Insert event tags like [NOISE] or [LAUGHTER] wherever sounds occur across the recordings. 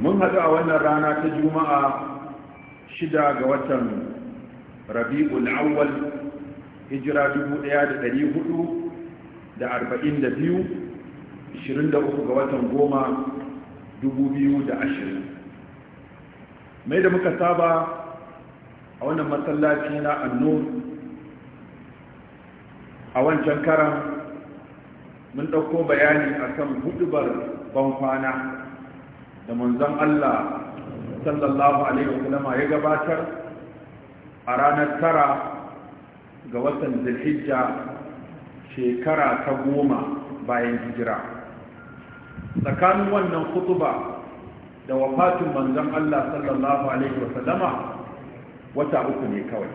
mun haɗu a wannan rana ta juma'a shida ga watan rabi'ul awwal hijira 1442 23 ga watan goma 2020 mai da muka saba a wannan matsalaci na annur a wancan karan mun ɗauko bayani a kan hudubar ban kwana da manzon Allah sallallahu alaihi wasallama ya gabatar a ranar tara ga watan zulhijja shekara ta goma bayan hijira tsakanin wannan kutuba da wafatin manzon Allah sallallahu alaihi wasallama wata uku ne kawai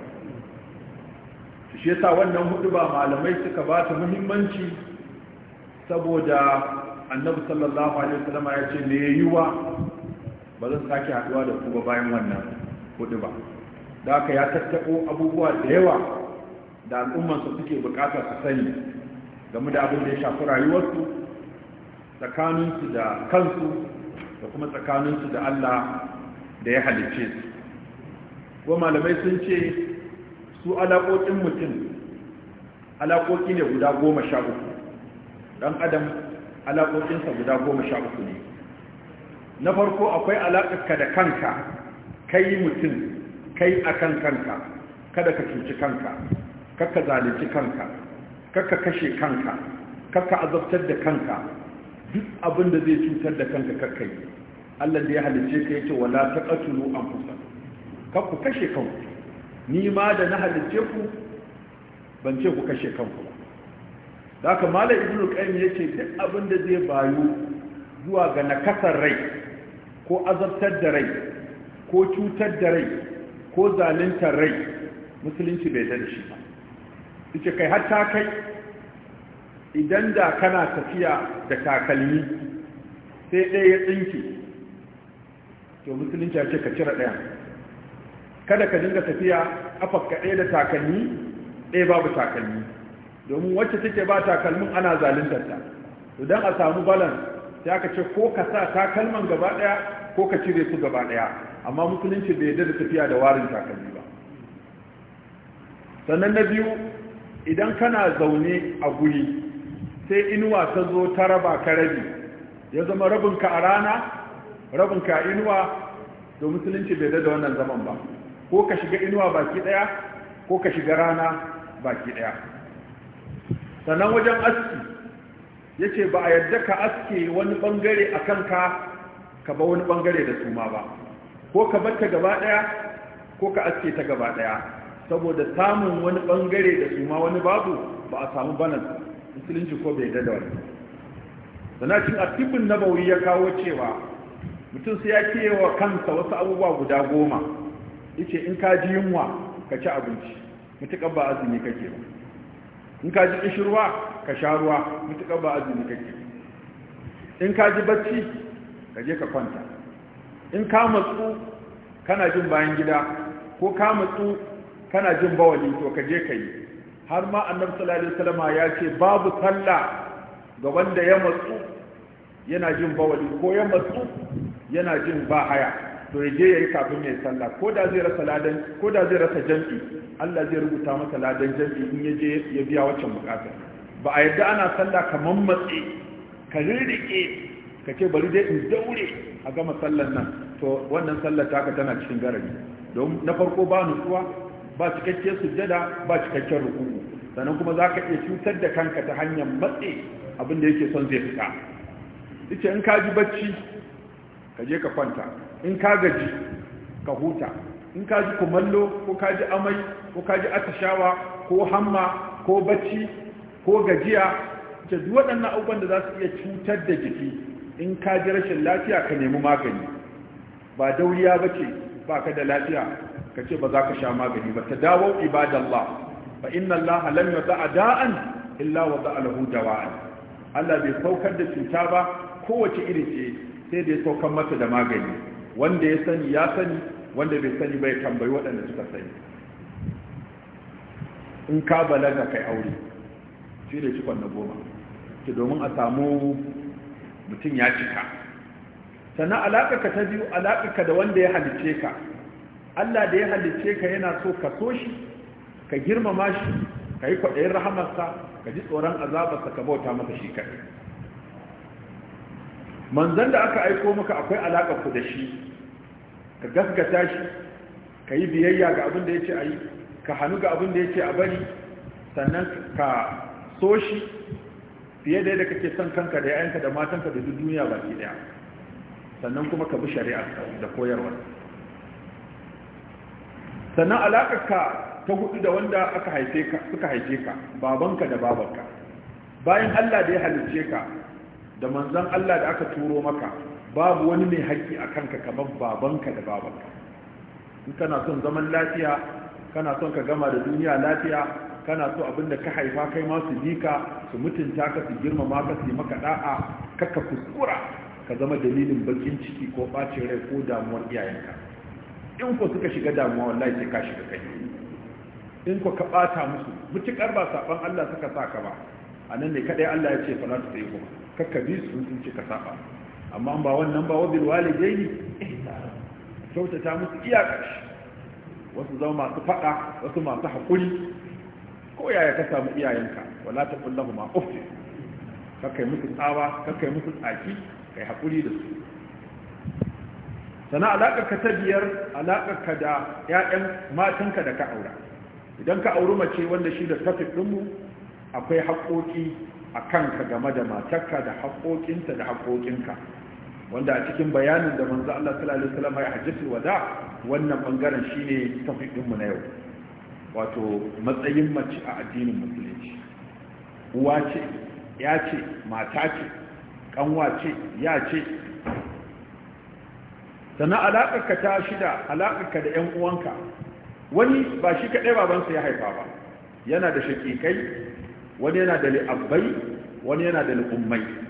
shi yasa wannan hudu ba malamai suka ba ta muhimmanci saboda annabi sallallahu alaihi wasallam ya ce me yiwa ba zan sake haduwa da ku ba bayan wannan hudu ba da haka ya tattako abubuwa da yawa da al'umman su suke bukatar su sani game da abin da ya shafi rayuwarsu tsakaninsu da kansu da kuma tsakaninsu da Allah da ya halicce su ko malamai sun ce su alaƙoƙin mutum alaƙoƙi ne guda goma sha uku ɗan adam alaƙoƙinsa guda goma sha uku ne na farko akwai alaƙarka da kanka kai mutum kai akan kanka kada ka cuci kanka kakka zalunci kanka kakka kashe kanka kakka azabtar da kanka duk abin da zai cutar da kanka kakai. allah da ya halice ka yake wala ta an anfusakum kakku kashe kanku ni ma da na halice ku ban ce ku kashe kanku da haka malam ibnu qayyim yace duk abin da zai bayu zuwa ga nakasar rai ko azabtar da rai ko cutar da rai ko zaluntar rai musulunci bai da shi ba yace kai har kai idan da kana tafiya da takalmi sai ɗaya ya tsinki, to musulunci ya ce ka cire ɗaya kada ka dinga tafiya afakka ɗaya da takalmi ɗaya babu takalmi domin wacce take ba takalmin ana zaluntar ta idan a samu balan sai aka ce ko ka sa takalman gaba daya ko ka cire su gaba daya amma musulunci bai yarda da tafiya da warin takalmi ba sannan na biyu idan kana zaune a guri sai inuwa ta zo ta raba ka rabi ya zama rabinka a rana rabinka a inuwa da musulunci bai da wannan zaman ba ko ka shiga inuwa baki daya ko ka shiga rana baki daya sannan wajen aski ya ba a yadda ka aske wani bangare a kanka ka ba wani bangare da suma ba ko ka bar ta gaba daya ko ka aske ta gaba daya saboda samun wani bangare da suma wani babu ba a samu banan musulunci ko bai da wani sannan cin na bauri ya kawo cewa mutum sai ya wa kansa wasu abubuwa guda goma yace in ka ji yunwa ka ci abinci mutuƙar ba azumi kake ba in ka ji ƙishirwa ka sha ruwa mutuƙar ba azumi kake in ka ji bacci ka je ka kwanta in ka matsu kana jin bayan gida ko ka matsu kana jin bawali to ka je ka yi har ma annabi sallallahu alaihi wasallam ya ce babu sallah ga wanda ya matsu yana jin bawali ko ya matsu yana jin ba haya to ya je ya yi kafin ya yi sallah ko da zai rasa ladan ko da zai rasa jam'i Allah zai rubuta masa ladan jam'i in ya je ya biya waccan bukatar ba a yadda ana sallah ka mammatse ka rirrike ka ce bari dai in daure a gama sallan nan to wannan sallar taka tana cikin garari don na farko ba nutsuwa ba cikakken sujjada ba cikakken rukuku sannan kuma za ka iya cutar da kanka ta hanyar matse abin da yake son zai fita ita in ka ji bacci ka je ka kwanta in ka gaji ka huta in ka ji kumallo ko ka ji amai ko ka ji atishawa ko hamma ko bacci ko gajiya ce duk waɗannan abubuwan da za su iya cutar da jiki in ka ji rashin lafiya ka nemi magani ba dauriya ba ce ba ka da lafiya ka ce ba za ka sha magani ba ta dawo ibadallah Ba inna Allah lam yada'a da'an illa wa wada'a lahu dawa'an Allah bai saukar da cuta ba kowace iri ce sai da ya saukar mata da magani wanda ya sani ya sani wanda bai sani bai tambayi waɗanda suka sani in ka balaga kai aure shi ne cikon na goma ki domin a samu mutum ya cika sannan alaƙarka ta biyu alaƙarka da wanda ya halicce ka Allah da ya halicce ka yana so ka so shi ka girmama shi ka yi kwaɗayin rahamarsa ka ji tsoron azabarsa ka bauta masa shi kaɗai manzan da aka aiko maka akwai alaƙa ku da shi ka gaskata shi ka yi biyayya ga abin da ya ce a yi ka hannu ga abin da ya ce a bari sannan ka so shi fiye da yadda kake son kanka da yayanka da matanka da duk duniya baki daya sannan kuma ka bi shari'a da koyarwa sannan alaƙar ka ta hudu da wanda aka haife ka suka haife ka babanka da babanka bayan Allah da ya halicce ka da manzon Allah da aka turo maka babu wani mai haƙƙi a kanka kamar babanka da babanka in kana son zaman lafiya kana son ka gama da duniya lafiya kana so da ka haifa kai ma su bi su mutunta ka su girmama ka su yi maka da'a kaka kuskura ka zama dalilin bakin ciki ko bacin rai ko damuwar iyayenka in ko suka shiga damuwa wallahi sai ka shiga kai in ko ka bata musu mutukar ba saban Allah suka saka ba anan ne kadai Allah ya ce fa na su yi kuma kakka bi su sun ci ka saba amma ba wannan ba wabil walidaini kyautata musu iyaka wasu zama masu faɗa wasu masu haƙuri ko yaya ka samu iyayenka wala ta kullu ma ka kakai musu tsawa kakai musu tsaki kai haƙuri da su sana alaƙar ka ta biyar alaƙar ka da 'ya'yan matanka da ka aura idan ka auri mace wanda shi da tafik ɗinmu akwai haƙoƙi a kanka game da matarka da haƙoƙinta da haƙoƙinka wanda a cikin bayanin da manzo Allah sallallahu alaihi wasallam ya hajjatu wada wannan bangaren shine topic mu na yau wato matsayin mace a addinin musulunci uwa ce ya ce mata ce kanwa ce ya ce alaƙar ka ta shida ka da ƴan uwanka wani ba shi kaɗai babansa ya haifa ba yana da shaƙiƙai wani yana da li'abbai wani yana da li'ummai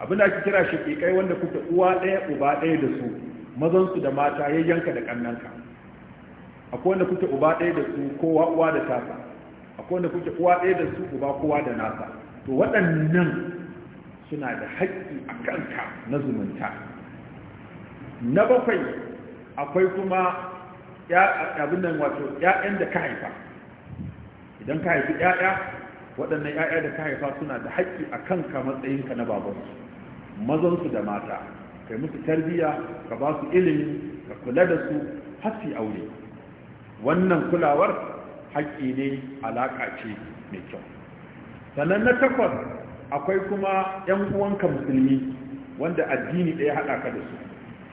abin da ake kira shiƙiƙai wanda kuka uwa ɗaya uba ɗaya da su mazan su da mata ya yanka da ƙannanka akwai wanda kuke uba ɗaya da su kowa uwa da tasa akwai wanda kuke uwa ɗaya da su uba kowa da nasa to waɗannan suna da haƙƙi a kanka na zumunta na bakwai akwai kuma abin nan wato ƴaƴan da ka haifa idan ka haifi ƴaƴa, waɗannan ƴaƴa da ka haifa suna da haƙƙi a kanka matsayinka na babansu mazansu da mata kai musu tarbiyya ka ba su ilimi ka kula da su har aure wannan kulawar haƙƙi ne alaƙa ce mai kyau sannan na takwas akwai kuma 'yan uwanka musulmi wanda addini ɗaya haɗa ka da su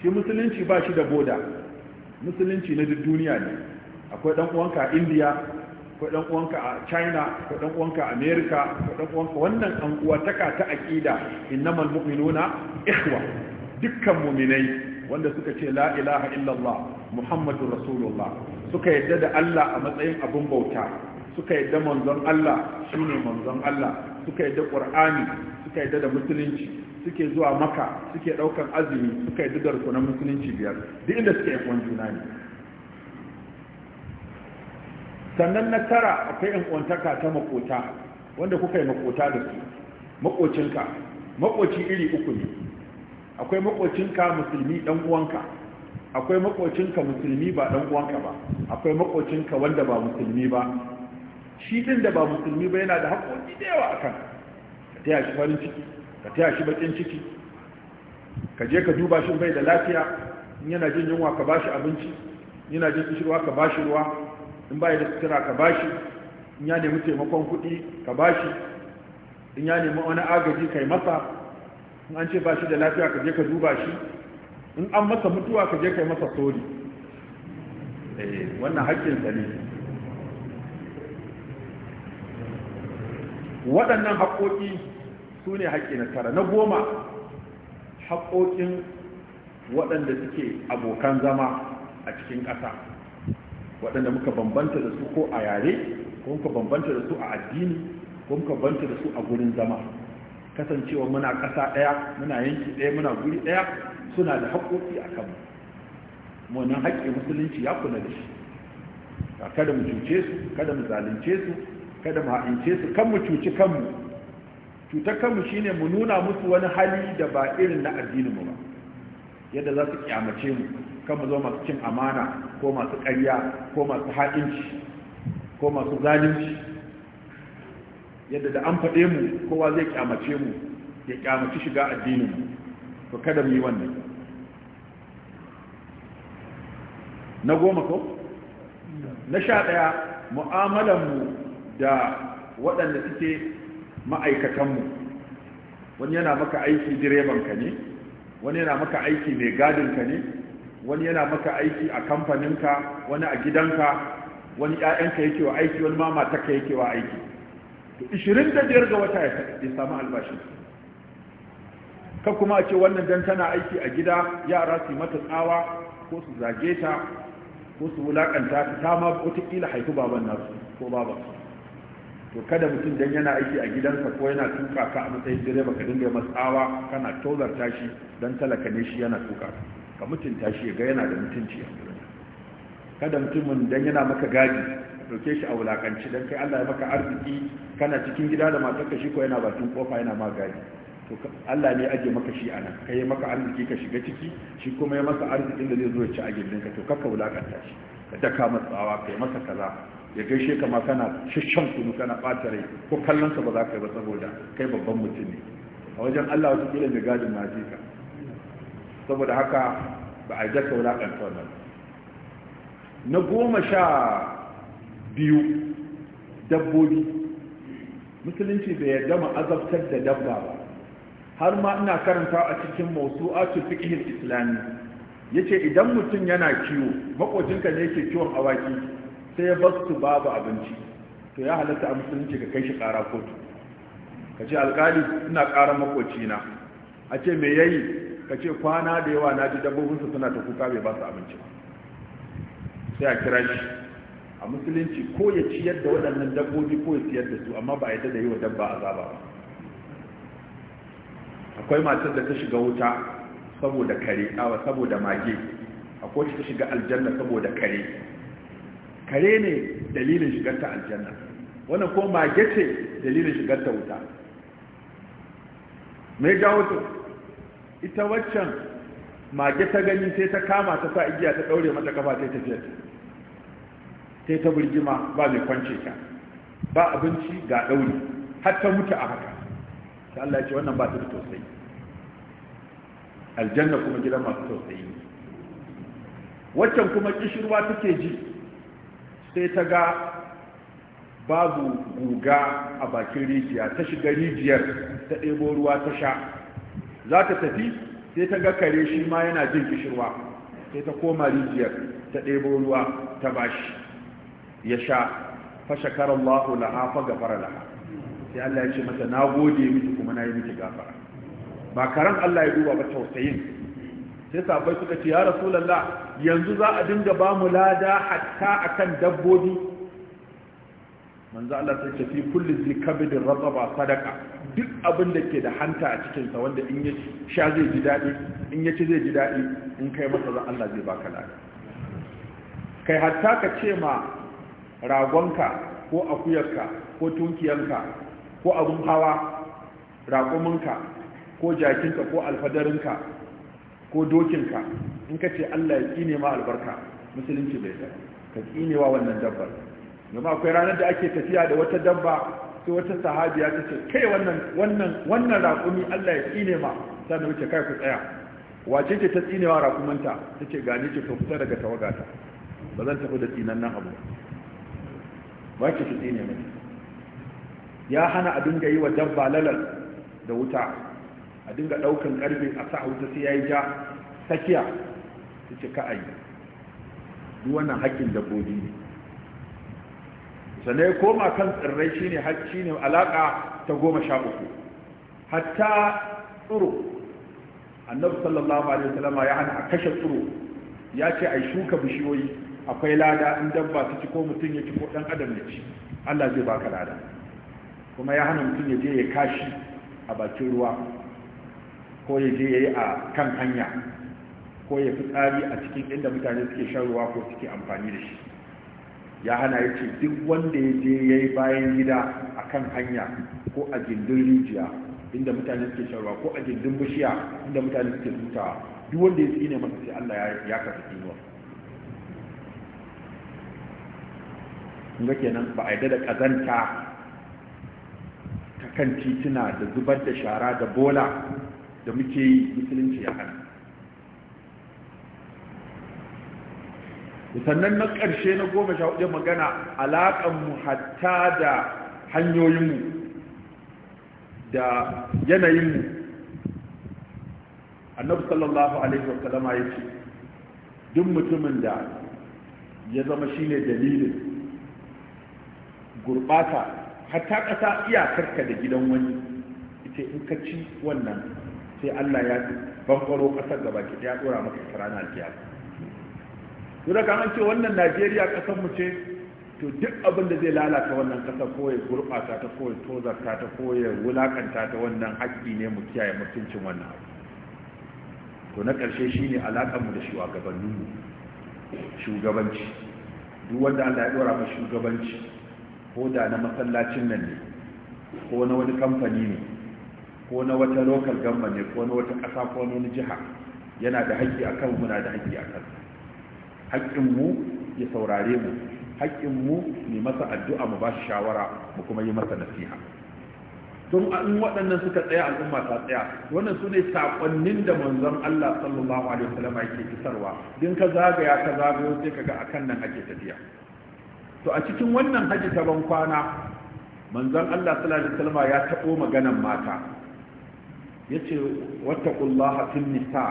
shi musulunci ba shi da boda musulunci na duk duniya ne akwai ɗan uwanka a indiya ko dan uwanka a China ko dan uwanka a America ko dan uwanka wannan an uwa ta aqida innamal mu'minuna ikhwa dukkan mu'minai wanda suka ce la ilaha illallah muhammadur rasulullah suka yadda da Allah a matsayin abun bauta suka yadda manzon Allah shine manzon Allah suka yadda Qur'ani suka yadda da musulunci suke zuwa maka suke daukan azumi suka yadda da rukunan musulunci biyar duk inda suke yakon juna ne sannan na tara akwai yan uwantaka ta makota wanda kuka yi makota da su makocinka makoci iri uku ne akwai makocinka musulmi dan uwanka akwai makocinka musulmi ba dan uwanka ba akwai makocinka wanda ba musulmi ba shi din da ba musulmi ba yana da haƙoƙi da yawa akan ka taya shi farin ciki ka taya shi bakin ciki ka je ka duba shi bai da lafiya in yana jin yunwa ka bashi abinci yana jin kishirwa ka bashi ruwa in ba da sutura ka bashi in ya nemi taimakon kuɗi ka bashi in ya nemi wani agaji kai masa in an ce ba shi da lafiya ka je ka duba shi in an masa mutuwa ka je kai masa sori eh, wannan haƙƙinsa ne waɗannan haƙoƙi su ne haƙƙi na tara na goma haƙoƙin waɗanda suke abokan zama a cikin ƙasa waɗanda muka bambanta da su ko a yare ko muka bambanta da su a addini ko muka bambanta da su a gurin zama kasancewa muna ƙasa ɗaya muna yanki ɗaya muna guri ɗaya suna da haƙƙoƙi a kanmu wannan haƙƙi musulunci ya kula da shi kada mu cuce su kada mu zalunce su kada mu haɗince su kan mu cuci kanmu cutar kanmu shine mu nuna musu wani hali da ba irin na addinin mu ba yadda za su kyamace mu kan mu zo masu cin amana ko masu ƙarya ko masu haɗinci ko masu zalunci yadda da an faɗe mu kowa zai kyamace mu ya kyamaci shiga addinin mu to kada mu yi wannan na goma ko na sha ɗaya mu'amalanmu da waɗanda suke ma'aikatanmu wani yana maka aiki direban ka ne wani yana maka aiki mai gadin ka ne wani yana maka aiki a kamfaninka wani a gidanka wani ƴaƴanka yake wa aiki wani mama taka yake wa aiki to 25 ga wata ya samu albashi ka kuma a ce wannan dan tana aiki a gida yara su mata tsawa ko su zage ta ko su wulakanta ta ta ma kila haifi baban nasu ko baban to kada mutum dan yana aiki a gidansa ko yana tuka ka a matsayin direba ka dinga masa tsawa kana tozarta shi dan talaka ne shi yana tuka ka mutunta shi ga yana da mutunci a kada mutumin dan yana maka gadi dauke shi a wulakanci dan kai Allah ya maka arziki kana cikin gida da matarka shi ko yana bakin kofa yana ma gadi to Allah ne aje maka shi anan kai ya maka arziki ka shiga ciki shi kuma ya masa arzikin da zai zo ya ci a ka, to kakka wulakanta shi ka daka matsawa kai masa kaza ya gaishe ka ma kana shishan kunu kana bata rai ko kallon ka ba za ka yi ba saboda kai babban mutum ne a wajen Allah wata kila mai gadin na ka saboda haka ba a jasa wulaƙanta wannan na goma sha biyu dabbobi musulunci bai yarda ma azabtar da dabba ba har ma ina karanta a cikin mawsu'atul fiqh islami Ya ce idan mutum yana kiwo makocinka ne yake kiwon awaki sai ya basu babu abinci to ya halatta a musulunci ga kai shi ƙara kotu ka ce alƙali ina ƙara makocina a ce me yayi ka ce kwana da yawa na ji dabbobinsu suna ta kuka bai ba su abinci ba sai a kira shi a musulunci ko ya ciyar da waɗannan dabbobi ko ya ciyar da su amma ba a yadda da yi wa dabba a zaba ba akwai matar da ta shiga wuta saboda kare awa saboda mage akwai wacce ta shiga aljanna saboda kare kare ne dalilin shigarta aljanna wannan ko mage ce dalilin shigarta wuta mai jawo ita waccan mage ta gani sai ta kama ta sa igiya ta daure mata kafa ta tafiya sai ta burgima ba mai kwance ta ba abinci ga daure har ta mutu a haka sai Allah ya ce wannan ba ta da tausayi aljanna kuma gidan masu tausayi waccan kuma kishirwa take ji sai ta ga babu guga a bakin rijiya ta shiga rijiyar ta ɗebo ruwa ta sha za ta tafi sai ta ga kare shi ma yana jin kishirwa sai ta koma rijiyar ta ɗebo ruwa ta bashi ya sha fashe, shakara Allah laha gafara laha sai Allah ya ce mata na gode miki kuma na yi miki gafara ba karan Allah ya duba ba tausayin sai sabai suka ce ya rasulallah yanzu za a dinga ba mu lada hatta akan dabbobi manzo Allah sai ce fi kulli zikabid rataba sadaka duk abin da ke da hanta a cikin sa wanda in ya sha zai ji dadi in ya ci zai ji dadi in kai masa zan Allah zai baka dadi kai hatta ka ce ma ragonka ko akuyarka ko tunkiyanka ko abun hawa raƙuminka ko jakinka ko alfadarinka ko dokinka in ka ce Allah ya kine ma albarka musulunci bai ka kine wa wannan dabbar domin akwai ranar da ake tafiya da wata dabba sai wata sahabiya ta ce kai wannan wannan wannan raƙumi Allah ya tsine ma sannan wuce kai ku tsaya wace ce ta tsinewa raƙumanta ta ce gani ce to fita daga tawagata ba zan tafi da tsinan nan abu ba ce ta tsine mai ya hana a dinga yi wa dabba lalal da wuta a dinga ɗaukan ƙarfe a sa wuta sai ya yi ja tsakiya ta ce ka ayi duk wannan haƙƙin dabbobi ne sannan ya koma kan tsirrai shine hacci ne alaka ta goma sha uku hatta tsuro annabi sallallahu alaihi wasallam ya hana a kashe tsuro ya ce ai shuka bishiyoyi akwai lada in dabba ta ci ko mutum ya ci ko dan adam ya ci Allah zai baka lada kuma ya hana mutum ya je ya kashi a bakin ruwa ko ya je ya yi a kan hanya ko ya fi tsari a cikin inda mutane suke shan ruwa ko suke amfani da shi ya hana ya ce duk wanda ya je ya yi bayan gida a kan hanya ko a gindin rijiya inda mutane suke sharwa ko a gindin bishiya inda mutane suke hutawa duk wanda ya tsine masa sai Allah ya kasa tsinuwa ga kenan ba a yi da kazanta ta kan tituna da zubar da shara da bola da muke yi musulunci ya hana sannan na ƙarshe na goma sha hudu magana alaƙanmu hatta da hanyoyinmu da yanayinmu annabi sallallahu alaihi wa sallama ya ce duk mutumin da ya zama shine dalilin gurɓata hatta ƙasa iyakarka da gidan wani ita in ka ci wannan sai Allah ya bankwaro ƙasar gaba ki ya dora maka karana alkiyama to da an ce wannan najeriya kasar mu ce to duk abin da zai lalata wannan kasar ko ya gurɓata ta ko ya tozarta ta ko ya wulakanta ta wannan haƙƙi ne mu kiyaye mutuncin wannan abu to na ƙarshe shine alaƙar mu da shugabannin mu shugabanci duk wanda Allah ya ɗora mu shugabanci ko da na masallacin nan ne ko na wani kamfani ne ko na wata local government ne ko na wata ƙasa ko na wani jiha yana da haƙƙi akan mu na da haƙƙi a akan haƙƙinmu ya saurare mu haƙƙinmu mu masa addu'a mu ba shi shawara mu kuma yi masa nasiha don in waɗannan suka tsaya al'umma ta tsaya wannan su ne saƙonnin da manzon Allah sallallahu alaihi wasallam yake isarwa din ka zagaya ka zagayo sai kaga akan nan ake tafiya to a cikin wannan haji ta ban kwana manzon Allah sallallahu alaihi wasallam ya taɓo maganan mata yace wattaqullaha fil nisa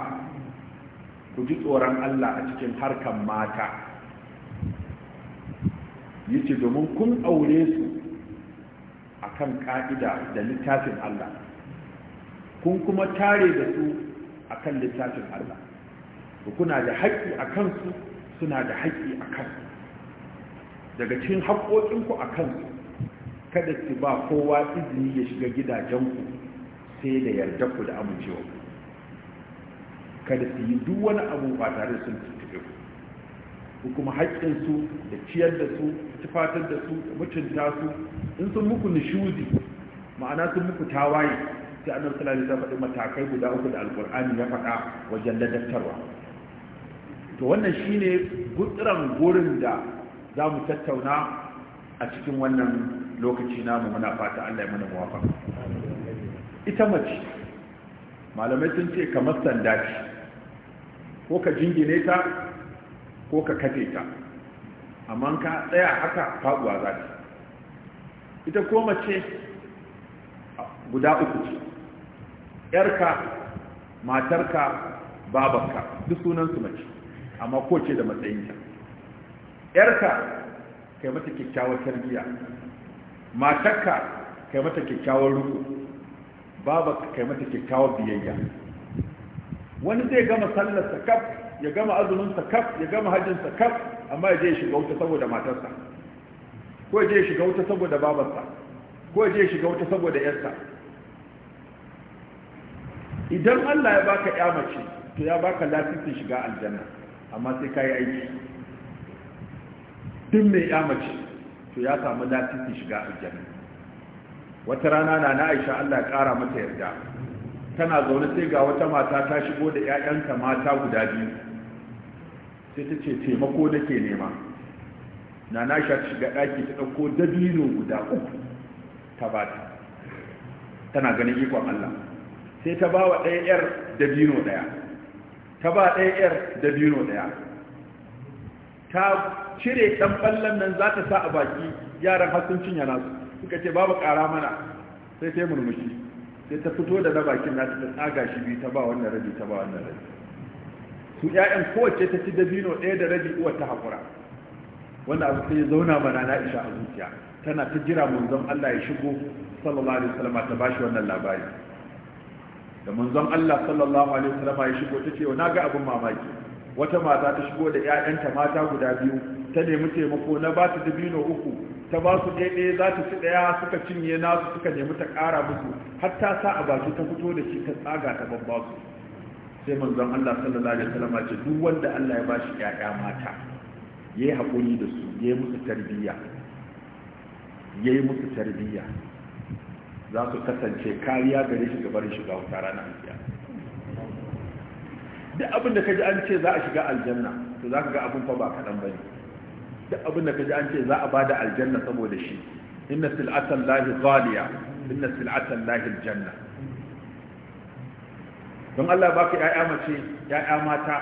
ku ji tsoron Allah a cikin harkar mata yace domin kun aure su akan ka'ida da littafin Allah kun kuma tare da su akan littafin Allah kuna da haƙƙi a kansu suna da haƙƙi a kansu daga cikin haƙƙoƙinku a kansu kada ki ba kowa izini ya shiga gidajenku sai da yarda ku da amincewa kada su yi duk wani abu ba tare da sun tuntube ku ko kuma su da ciyar da su tufatar da su da mutunta su in sun muku nishuzi ma'ana sun muku tawaye sai annabi sallallahu alaihi wasallam faɗi matakai guda uku da alqur'ani ya faɗa wajen ladattarwa to wannan shine gutsuran gurin da za mu tattauna a cikin wannan lokaci namu muna fata Allah ya mana muwafaqa ita mace malamai sun ce kamar sanda ce ko ka jingine ta ko ka kaje ta amma ka tsaya haka faduwa za ta ita ko mace guda uku ce yarka matarka babanka duk sunansu mace amma ko ce da matsayinta ƴarka kai mata kyakkyawar tarbiyya matarka kai mata kyakkyawar ruku babanka kai mata kyakkyawar biyayya wani zai gama sallarsa kaf ya gama azuminsa kaf ya gama hajjinsa kaf amma ya je ya shiga wuta saboda matarsa ko ya je ya shiga wuta saboda babarsa ko ya je ya shiga wuta saboda yarsa idan Allah ya baka ya mace to ya baka lasisin shiga aljanna amma sai ka yi aiki duk mai ya mace to ya samu lasisin shiga aljanna wata rana na na aisha Allah ya kara mata yarda tana zaune sai ga wata mata ta shigo da 'ya'yanta mata guda biyu sai ta ce taimako da ke nema na na sha shiga ɗaki ta ɗauko dabino guda uku ta ba ta tana ganin ikon Allah sai ta ba wa ɗaya 'yar dabino ɗaya ta ba ɗaya 'yar dabino ɗaya ta cire ɗan ɓallon nan za ta sa a baki yaran hasuncin yana suka ce babu ƙara mana sai ta yi murmushi sai ta fito da na bakin nata ta tsaga shi biyu ta ba wannan rabi ta ba wannan rabi su ƴaƴan kowace ta ci dabino ɗaya da rabi uwar ta haƙura wanda abu sai ya zauna mana na isha a zuciya tana ta jira manzon Allah ya shigo sallallahu alaihi wasallam ta bashi wannan labari da manzon Allah sallallahu alaihi wasallam ya shigo ta ce na ga abin mamaki wata mata ta shigo da 'ya'yanta mata guda biyu ta nemi taimako na ba ta dabino uku ta ba su ɗaiɗe za ta ci ɗaya suka cinye nasu suka nemi ta ƙara musu har ta sa a baki ta fito da shi ta tsaga ta babba su sai manzon Allah sallallahu alaihi wasallam ce duk wanda Allah ya bashi ƴaƴa mata yayi hakuri da su yayi musu tarbiyya yayi musu tarbiyya za su kasance kariya gare shi gaban shiga wuta ranar kiyama duk abin da kaji an ce za a shiga aljanna to za ka ga abin fa ba kaɗan ba ne duk abin da kaji an ce za a ba da aljanna saboda shi inna sil'atan lahi zaliya inna sil'atan lahi aljanna don Allah baka ya'ya mace ya'ya mata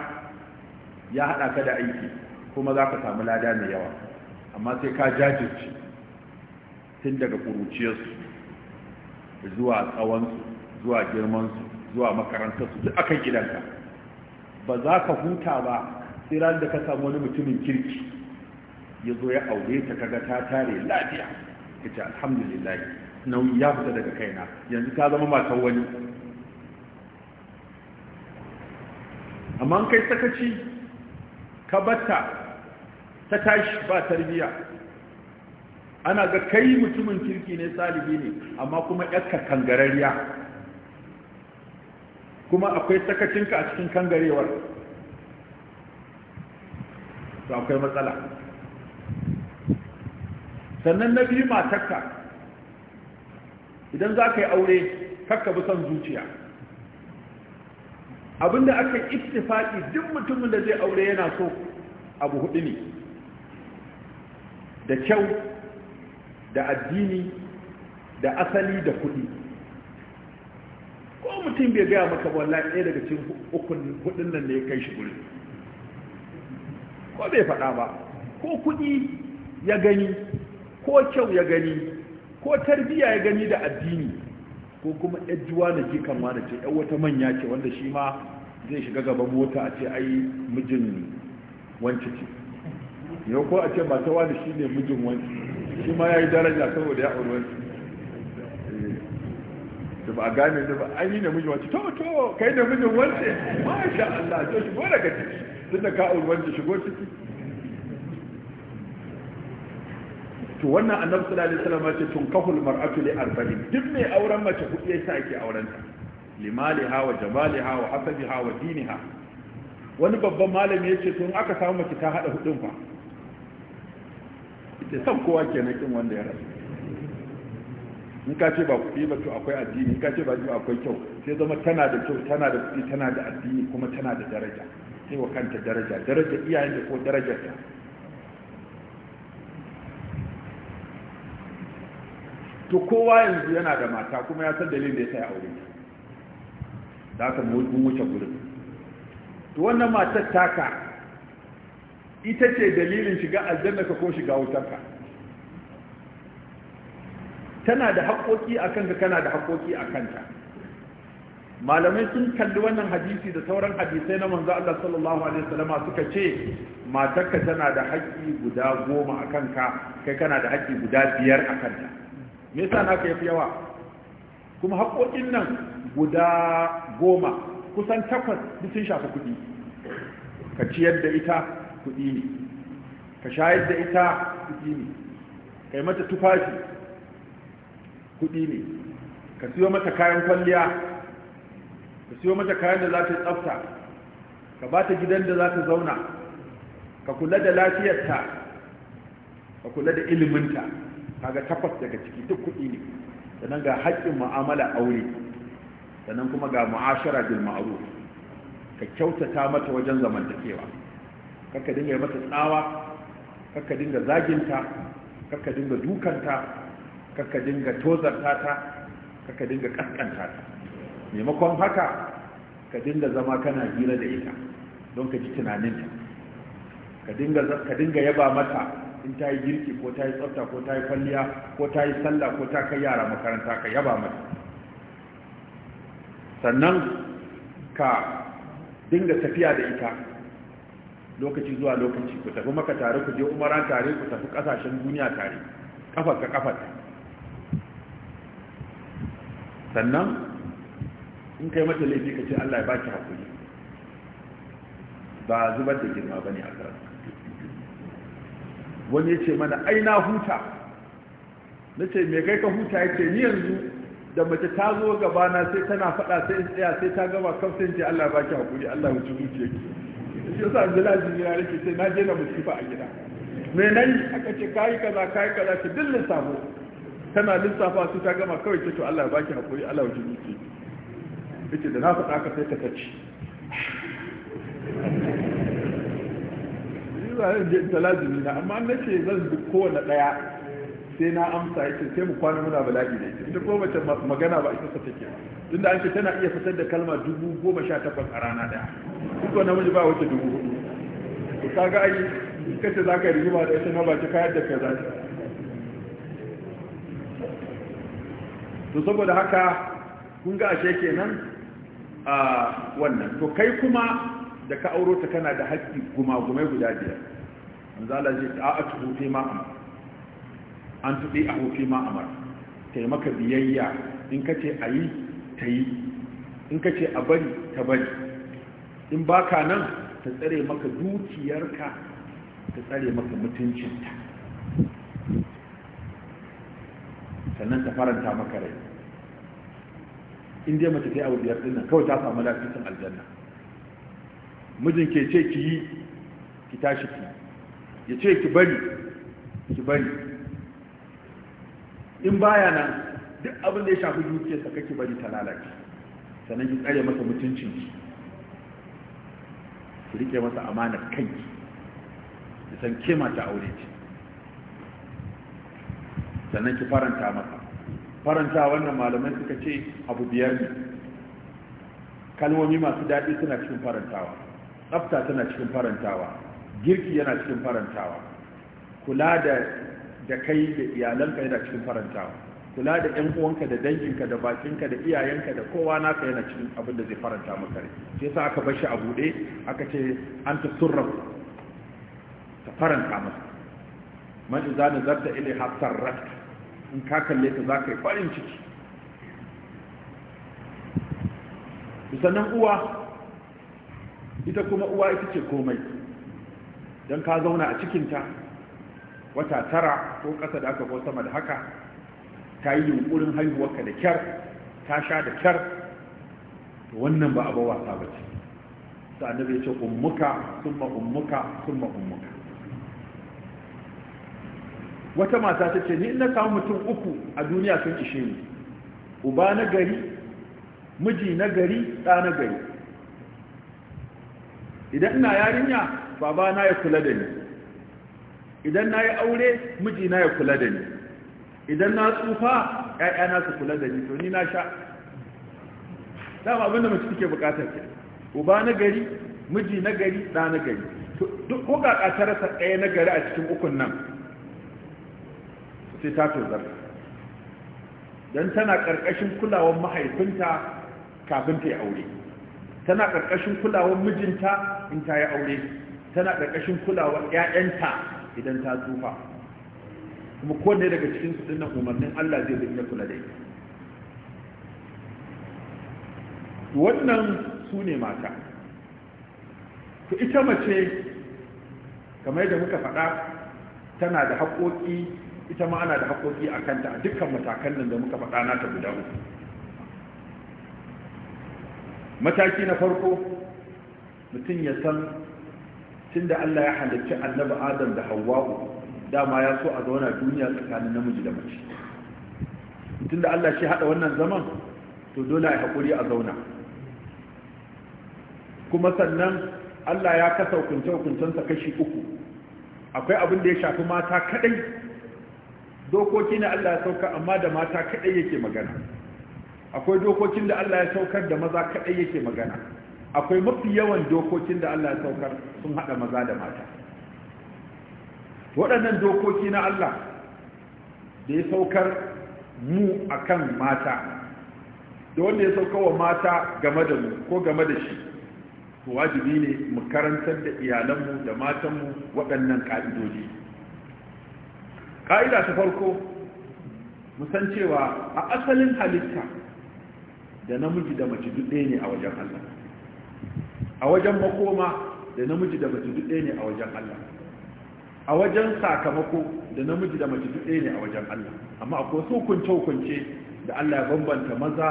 ya haɗa ka da aiki kuma za ka samu lada mai yawa amma sai ka jajirce tun daga ƙuruciyarsu zuwa tsawonsu zuwa girmansu zuwa makarantarsu duk akan gidanka ba za ka huta ba sai ran da ka samu wani mutumin kirki ya zo ya aure ta kaga ta tare lafiya ka ce alhamdulillah nauyi ya fita daga kaina yanzu ta zama matan wani amma kai sakaci ka batta ta tashi ba tarbiya ana ga kai mutumin kirki ne salibi ne amma kuma yakka kangarariya kuma akwai sakacinka a cikin kangarewar to akwai matsala sannan na biyu matakka, idan za ka yi aure kakka bi son zuciya abinda aka yi duk mutumin da zai aure yana so abu hudu ne da kyau da addini da asali da kuɗi. ko mutum bai gaya maka wallahi ɗaya daga cikin ukun hudun nan da ya kai shi guri ko bai faɗa ba ko kuɗi ya gani ko kyau ya gani ko tarbiyya ya gani da addini ko kuma yajuwa na ke kama da ce ɗan wata manya ce wanda shi ma zai shiga gaba mota a ce ai mijin wance ce yau ko a ce ba ta wani shi ne mijin wance shi ma ya yi daraja saboda ya auri wance da ba a gane da ba an yi namiji wace to to kai namijin wance masha Allah to shigo daga ciki tun da ka'ul wance shigo ciki to wannan annabi sallallahu alaihi wasallam ce tunkahul mar'atu li arba'in duk mai auren mace kudi yasa ake auren ta limaliha wa jamaliha wa hasabiha wa diniha wani babban malami yace tun aka samu mace ta hada hudun fa ita san kowa kenan kin wanda ya rasu in ka ce ba ku fi to akwai addini in ka ce ba ku akwai kyau sai zama tana da kyau tana da kuɗi tana da addini kuma tana da daraja sai wa kanta daraja daraja iyayen da ko darajar ta to kowa yanzu yana da mata kuma ya san dalilin da ya sa ya aure ta da ka mun wuce gurin to wannan matar taka ita ce dalilin shiga aljanna ka ko shiga wutar ka. tana da haƙoƙi a kanka kana da haƙoƙi a kanta malamai sun kalli wannan hadisi da sauran hadisai na manzo Allah sallallahu alaihi wasallama suka ce matarka tana da haƙƙi guda goma a kanka kai kana da haƙƙi guda biyar a kanta me yasa naka yafi yawa kuma haƙoƙin nan guda goma kusan takwas duk sun shafi kuɗi ka ciyar da ita kuɗi ne ka shayar da ita kuɗi ne kai mata tufafi kuɗi ne ka siyo mata kayan kwalliya ka siyo mata kayan da za ta tsafta ka ba ta gidan da za ta zauna ka kula da lafiyarta ka kula da iliminta kaga takwas daga ciki duk kuɗi ne sannan ga haƙƙin mu'amala aure sannan kuma ga mu'ashara bil ma'ruf ka kyautata mata wajen zamantakewa kakka dinga mata tsawa kakka dinga zaginta kaka dinga dukanta kakka dinga tozarta ta kakka dinga kaskanta ta maimakon haka ka dinga zama kana hira da ita don ka ji tunaninta ka dinga yaba mata in ta yi girki ko ta yi tsafta ko ta yi kwalliya ko ta yi sallah ko ta kai yara makaranta ka yaba mata sannan ka dinga tafiya da ita lokaci zuwa lokaci ku tafi maka tare ku je umara tare ku tafi kasashen duniya tare kafarka kafarka sannan in kai mata laifi ka ce Allah ya baki hakuri ba zubar da girma ba ne a kan wani yace mana ai na huta ce me kai ka huta yake ni yanzu da mace ta zo gaba na sai tana faɗa sai in tsaya sai ta gaba kafin sai ce Allah ya baki hakuri Allah ya ci zuciyarki shi yasa Abdullahi ya rike sai na je na musifa a gida Menene nayi aka ce kai kaza kai kaza ki dillin sabo tana lissafa su ta gama kawai ce to Allah ya baki hakuri Allah ya jini ki yace da na faɗa ka sai ka tace zai je ta na amma na ce zan duk kowane ɗaya sai na amsa yace sai mu kwana muna bala'i da ita ita kuma mace magana ba ita ta take tunda an ce tana iya fitar da kalma dubu goma sha takwas a rana ɗaya duk wani namiji ba wace dubu hudu to kaga ai kace za ka rigima da ita na baki kayar da kai za to saboda haka kun ga ashe kenan a wannan to kai kuma da ka auro ta kana da haƙƙi gumagumai guda biyar manzo Allah ce a tuhu fi ma amar an tuɗi a hufi ma amar kai maka biyayya in ka ce a yi, ta yi. in ka ce a bari ta bari in baka nan ta tsare maka dukiyarka ta tsare maka mutuncinta sannan ta faranta maka rai in dai mace ta yi abu biyar dinnan kawai ta samu lafiyar aljanna mijin ke ce ki yi ki tashi ki ya ce ki bari ki bari in baya nan duk abin da ya shafi dukiyarsa kake bari ta lalace sannan ki tsare masa mutuncin ki ki rike masa amanar kanki ki san kema ta aure ce sannan ki faranta masa faranta wannan malamai suka ce abu biyar ne kalmomi masu daɗi suna cikin farantawa tsafta tana cikin farantawa girki yana cikin farantawa kula da da kai da iyalanka yana cikin farantawa kula da 'yan uwanka da danginka da bakinka da iyayenka da kowa naka yana cikin abin da zai faranta maka rai shi yasa aka bar shi a bude, aka ce an ta surrafa ta faranta masa man idza nazarta ilayha sarratka in ka kalle ta za ka yi farin ciki sannan uwa ita kuma uwa ita ce komai don ka zauna a cikinta wata tara ko ƙasa da aka ko sama da haka ta yi yunkurin haihuwarka da kyar ta sha da kyar wannan ba abu wasa ba ce ya ce ummuka summa ummuka summa ummuka wata mata ta ce ni na samu mutum uku a duniya sun ishe ni uba na gari miji na gari ɗa na gari idan ina yarinya baba na ya kula da ni idan na yi aure miji na ya kula da ni idan na tsufa na su kula da ni to ni na sha dama abinda mace suke bukatar ke uba na gari miji na gari ɗa na gari duk ko ga sa ɗaya na gari a cikin ukun nan sai ta tozarta don tana ƙarƙashin kulawar mahaifinta kafin ta yi aure tana ƙarƙashin kulawar mijinta in ta yi aure tana ƙarƙashin kulawar 'ya'yanta idan ta tsufa kuma ne daga cikin su dinnan umarnin Allah zai ya kula da ita wannan su ne mata to ita mace kamar da muka faɗa tana da haƙoƙi ita ma ana da haƙoƙi a kanta a dukkan matakan nan da muka faɗa ta guda uku mataki na farko mutum ya san tun da Allah ya halicci annabi Adam da Hawwa'u dama ya so a zauna duniya tsakanin namiji da mace tun da Allah shi haɗa wannan zaman to dole a haƙuri a zauna kuma sannan Allah ya kasa hukunce-hukuncensa kashi uku akwai abin da ya shafi mata kaɗai dokoki na Allah ya sauka amma da mata kaɗai yake magana akwai dokokin da Allah ya saukar da maza kaɗai yake magana akwai mafi yawan dokokin da Allah ya saukar sun hada maza da mata waɗannan dokoki na Allah da ya saukar mu akan mata da wanda ya saukar wa mata game da mu ko game da shi to wajibi ne mu karantar da iyalanmu da matanmu waɗannan ƙa'idoji ƙa'ida ta farko musan cewa a asalin halitta da namiji da mace duk ɗaya ne a wajen Allah a wajen makoma da namiji da mace duk ɗaya ne a wajen Allah a wajen sakamako da namiji da mace duk ɗaya ne a wajen Allah amma akwai su kunce-kunce da Allah ya bambanta maza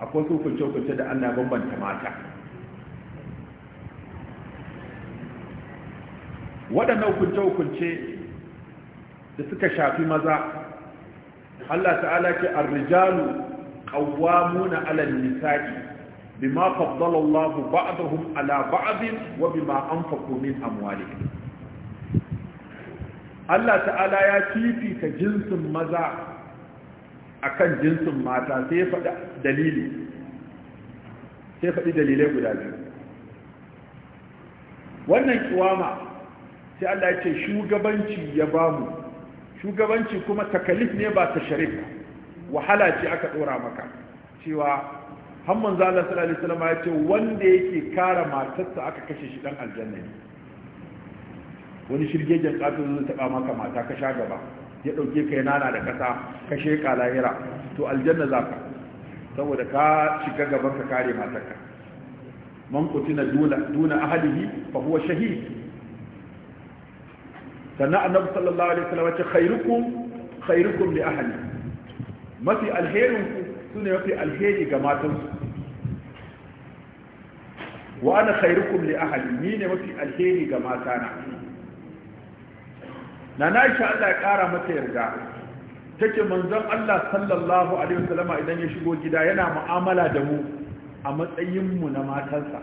akwai su kunce-kunce da Allah ya bambanta mata waɗannan kunce-kunce da suka shafi maza Allah ta'ala ce ar-rijalu qawwamuna 'ala an-nisa'i bima faddala Allah ba'dahum 'ala ba'd wa bima anfaqu min amwalihim Allah ta'ala ya fifita jinsin maza akan jinsin mata sai faɗi dalili sai faɗi dalilai guda biyu wannan kiwama sai Allah ya ce shugabanci ya bamu shugabanci kuma takalif ne ba ta sharif wahala ce aka dora maka cewa har manzo Allah sallallahu alaihi ya ce wanda yake kara matarsa aka kashe shi dan aljanna ne wani shirgegen kafin zai taba maka mata ka sha gaba ya dauke ka yana da kasa ka lahira to aljanna za ka saboda ka shiga gaban ka kare matarka man kutina duna duna ahlihi fa huwa shahid sannan annabi sallallahu alaihi wasallam ya ce khairukum khairukum li ahli mafi alherin ku sune mafi alheri ga matansu wa ana khairukum li ahli ni ne mafi alheri ga mata na na shi Allah ya kara mata yarda take manzon Allah sallallahu alaihi wasallam idan ya shigo gida yana mu'amala da mu a matsayin mu na matansa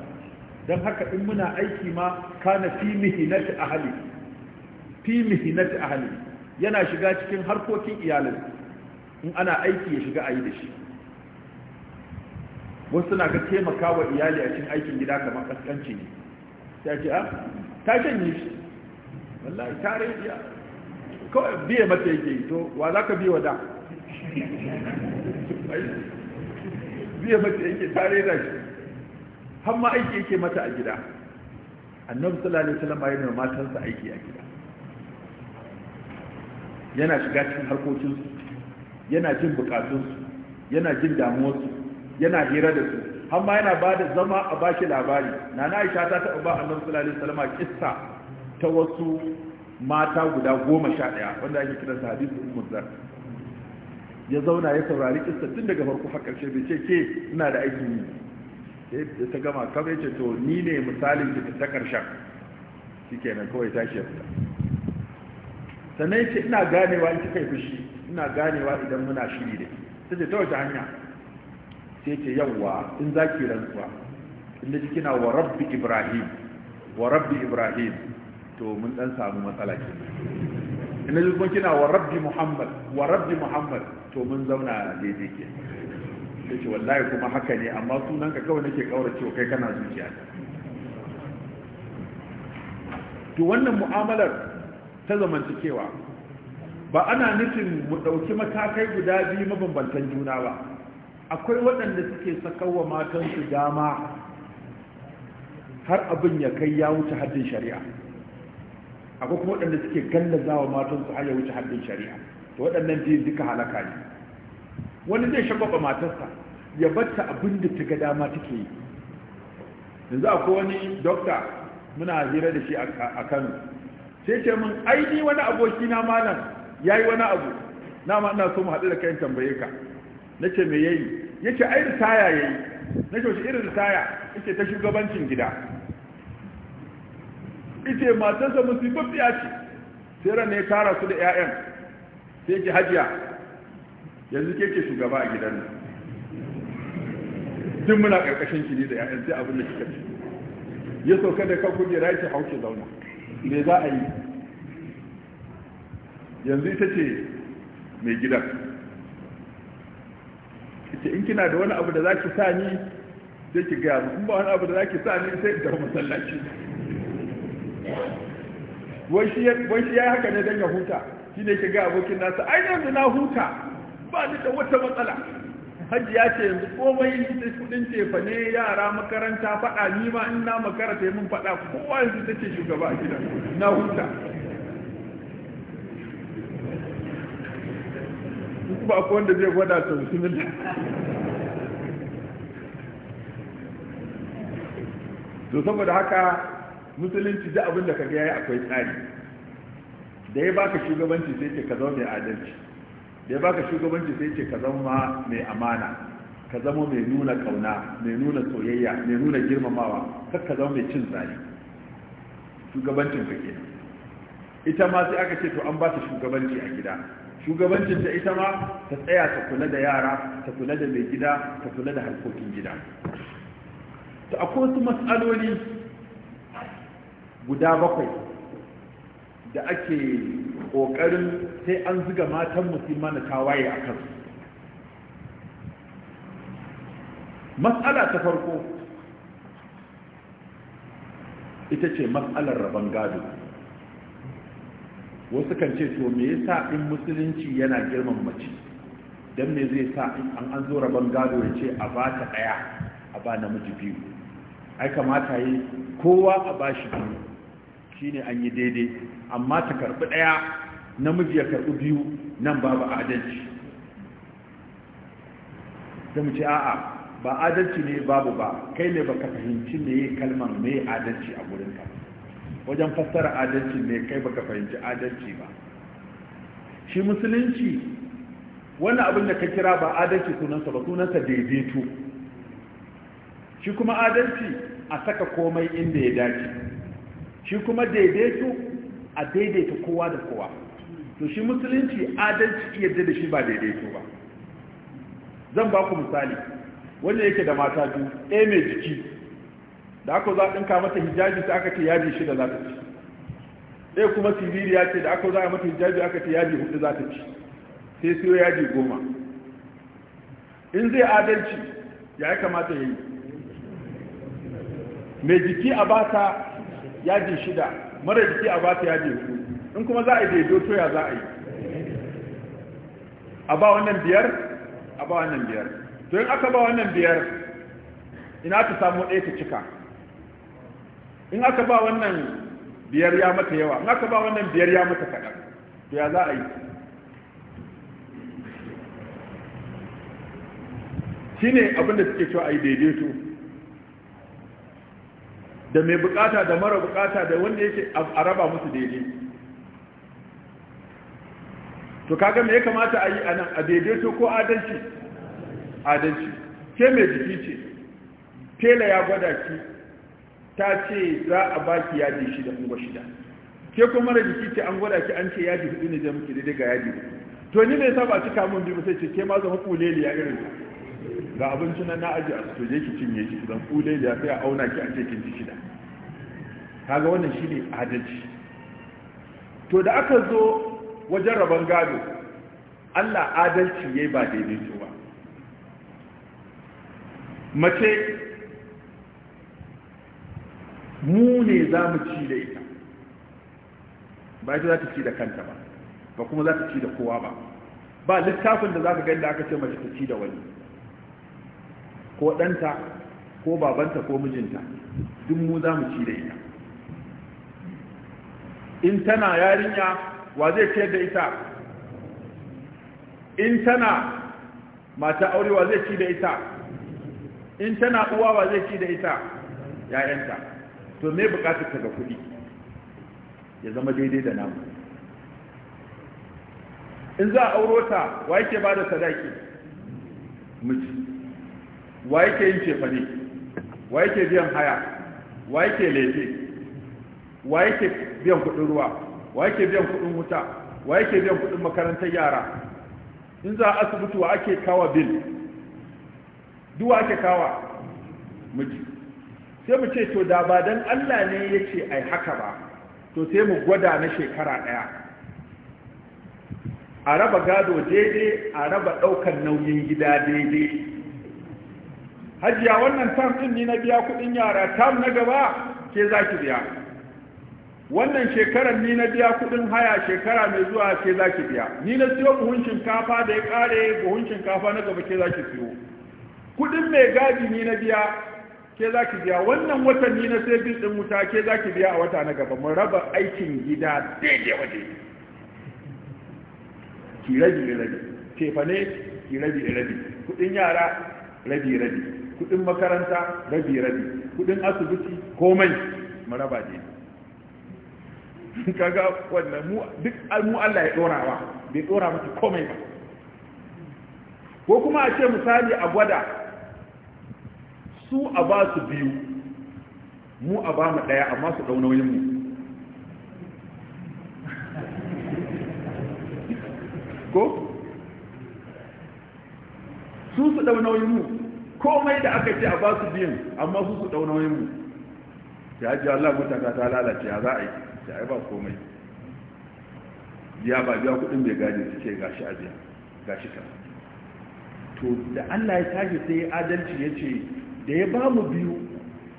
don haka in muna aiki ma kana fi mihinati ahli fi mihinati ahli yana shiga cikin harkokin iyalin in ana aiki ya shiga ayi da shi wasu na ga taimaka wa iyali a cikin aikin gida kamar kaskanci ne ah, ta ce a ta shanye shi wallahi ta rediya kawai biye mata yake yi to wa za ka biye wa da biye mata yake ta da shi har ma aiki yake mata a gida annabi sallallahu alaihi wasallam yana matansa aiki a gida yana shiga cikin harkokinsu yana jin bukatunsu yana jin damuwarsu yana hira da su har ma yana ba da zama a bashi labari na na aisha ta taɓa ba annabi sallallahu alaihi wasallam kissa ta wasu mata guda goma sha ɗaya wanda ake kiransa hadisi ummu zar ya zauna ya saurari kissa tun daga farko har ƙarshe bai ce ke ina da aiki ne sai ta gama kawai ce to ni ne misalin ki ta ƙarshen shikenan kawai ta ya fita sannan yace ina ganewa in kika yi fushi ina ganewa idan muna shiri da ke sai ta wata hanya sai ce yawwa in za ki rantsuwa in da kina wa rabbi ibrahim wa rabbi ibrahim to mun dan samu matsala ke in da kuma kina wa rabbi muhammad wa rabbi muhammad to mun zauna daidai ke sai ce wallahi kuma haka ne amma sunan ka kawai nake kaurace kai kana zuciya to wannan mu'amalar ta zamantakewa ba ana nufin mu ɗauki matakai guda biyu mabambantan juna ba akwai waɗanda suke sakawa matansu dama har abin ya kai ya wuce haddin shari'a akwai kuma waɗanda suke gallazawa matansu har ya wuce haddin shari'a to waɗannan biyu duka halaka ne wani zai shagwaba matarsa ya batta abin da ta ga dama take yi yanzu akwai wani dokta muna hira da shi a kano sai ce min ai ni wani aboki na malam yayi wani abu na ma ina so mu haɗu da kai tambaye ka nace me yayi yace ai ritaya yayi nace shi irin ritaya yace ta shugabancin gida yace matarsa musibabbiya ce sai ran ne tara su da ƴaƴan sai ki hajiya yanzu ke ke shugaba a gidan nan duk muna karkashin ki ne da ƴaƴan sai abin da kika ce ya sauka da kan kujera ki hauke zauna me za a yi yanzu ita ce mai gidan ita in kina da wani abu da za ki sa ni sai ki gaya mu ba wani abu da za ki sa ni sai ga masallaci wai shi ya yi haka ne don ya huta shi ne ki ga abokin nasa ai yanzu na huta ba ni da wata matsala hajji ya ce yanzu komai kudin tefa ne yara makaranta faɗa ni ma in na makara ta mun faɗa kowa yanzu take shugaba a gida na huta ba ko wanda zai gwada ta bismillah to saboda haka musulunci duk abin da ka ga yayi akwai tsari da ya baka shugabanci sai ka zama mai adalci da ya baka shugabanci sai ce ka zama mai amana ka zama mai nuna kauna mai nuna soyayya mai nuna girmamawa kar ka zama mai cin zari shugabancin ka kenan ita ma sai aka ce to an ba ta shugabanci a gida shugabancin ta ita ma ta tsaya ta kula da yara ta kula da mai gida ta kula da harkokin gida ta akwai wasu matsaloli guda bakwai da ake ƙoƙarin sai an zuga matan musulma na tawaye a kansu matsala ta farko ita ce matsalar rabon gado wasu kan ce to me yasa in musulunci yana girman mace don me zai sa an an zo rabon gado ya ce a ba ta ɗaya a ba namiji biyu ai kamata yi kowa a ba shi biyu shine an yi daidai amma ta karbi daya namiji ya karbi biyu nan babu adalci sai mu ce a'a ba adalci ne babu ba kai ne baka fahimci me kalmar me adalci a gurin ka wajen fassara adalci ne kai baka fahimci adalci ba shi musulunci wannan abin da ka kira ba adalci sunansa ba sunansa daidaito shi kuma adalci a saka komai inda ya dace shi kuma daidaito a daidaita kowa da kowa to shi musulunci adalci yadda da shi ba daidaito ba zan ba ku misali wanda yake da mata biyu ɗaya mai jiki da aka za a ɗinka mata hijabi ta aka ce yaji shida za ta ci ɗaya kuma ya ce da aka za a mata hijabi aka ce yaji hudu za ta ci sai siyo yaji goma in zai adalci ya yi kamata ya yi mai jiki a ba ta yaji shida mara jiki a ba ta yaji hudu in kuma za a yi to ya za a yi a ba wannan biyar a ba wannan biyar to in aka ba wannan biyar ina ta samu ɗaya ta cika in aka ba wannan biyar ya mata yawa in aka ba wannan biyar ya mata kaɗan to ya za a yi shine abinda suke cewa a yi daidaito da mai bukata da mara bukata da wanda yake a raba musu daidai to kaga me ya kamata a yi a nan a daidaito ko adalci adalci ke mai jiki ce tela ya gwada ki ta ce za a baki yaji shida kuma shida ke kuma mara jiki ce an gwada ki an ce yaji hudu ne da muke daidai ga yaji to ni bai saba cika mun biyu sai ce ke ma zama kuleliya irin ga abinci nan na aji a su je ki cinye ki dan kudai da sai a auna ki a ce kin ci shida kaga wannan shine adalci to da aka zo wajen rabon gado Allah adalci yayi ba daidai to ba mace mu ne za mu ci da ita ba ita za ta ci da kanta ba ba kuma za ta ci da kowa ba ba littafin da za ka gani da aka ce mace ta ci da wani ko ɗanta ko babanta ko mijinta duk mu za mu ci da ita in tana yarinya wa zai ciyar da ita in tana mata aure wa zai ci da ita in tana uwa wa zai ci da ita yayanta to me bukatar ta ga kuɗi ya zama daidai da namu in za a auro ta wa yake ba da sadaki miji wa yake yin cefane wa yake biyan haya wa yake lefe wa yake biyan kudin ruwa wa yake biyan kudin wuta wa yake biyan kudin makarantar yara in za a asibiti wa ake kawa bil duwa ake kawa miji sai mu ce to da ba dan Allah ne yace ai haka ba to sai mu gwada na shekara daya a raba gado daidai a raba daukan nauyin gida daidai hajiya wannan tam ɗin ni na biya kuɗin yara tam na gaba ke za ki biya wannan shekarar ni na biya kuɗin haya shekara mai zuwa ke za ki biya ni na siyo buhun shinkafa da ya ƙare buhun shinkafa na gaba ke za ki siyo kuɗin mai gadi ni na biya ke za ki biya wannan watan ni na sai bil ɗin wuta ke za ki biya a wata na gaba mun raba aikin gida daidai wa daidai ki rabi rabi tefane ki rabi rabi kuɗin yara rabi rabi kudin makaranta rabi rabi kudin asibiti komai mu raba [LAUGHS] kaga wannan mu duk mu Allah ya dora wa bai dora miki komai ba ko kuma a ce misali a gwada su a ba su biyu mu a ba mu daya amma su dauna nauyin mu [LAUGHS] ko su su dauna nauyin mu komai da aka ce a ba su biyan amma su su dauna wayin mu ya ji Allah mutaka ta lalace ya za a yi ta ai ba komai ya ba biya kudin bai gaji su ce gashi a biya gashi ka to da Allah ya tashi sai adalci ya ce da ya ba mu biyu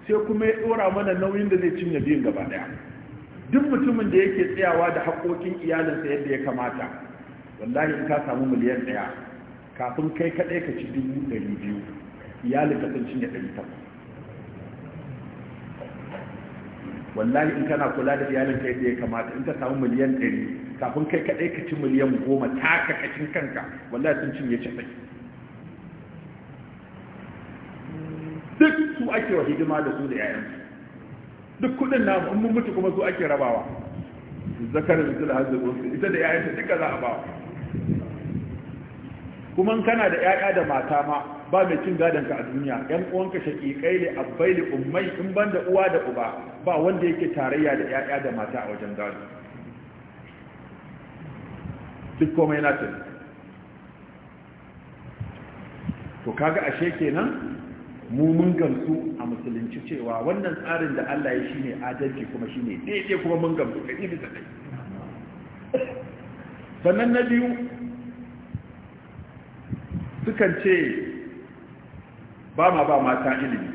sai kuma ya dora mana nauyin da zai cinye biyan gaba daya duk mutumin da yake tsayawa da haƙoƙin iyalinsa yadda ya kamata wallahi in ka samu miliyan ɗaya kafin kai kaɗai ka ci dubu ɗari biyu iyalin ka sun cinye ɗari takwas wallahi in kana kula da iyalin kai da ya kamata in ka samu miliyan ɗari kafin kai kaɗai ka ci miliyan goma taka kacin kanka wallahi sun cinye ɗari duk su ake wa hidima da su da yayan duk kuɗin namu in mun mutu kuma su ake rabawa su da hajji hazzabu ita da yayansu duka za a bawa kuma kana da yaya da mata ma ba mai cin gadon ka a duniya yan uwanka kai ne a ne ummai in ban da uwa da uba ba wanda yake tarayya da 'ya'ya da mata a wajen gado duk komai na tafi to kaga ashe kenan mu mun gamsu a musulunci cewa wannan tsarin da Allah ya shine adalci kuma shine daidai kuma mun gamsu kai bisa kai sannan na biyu sukan ce ba ma ba mata ilimi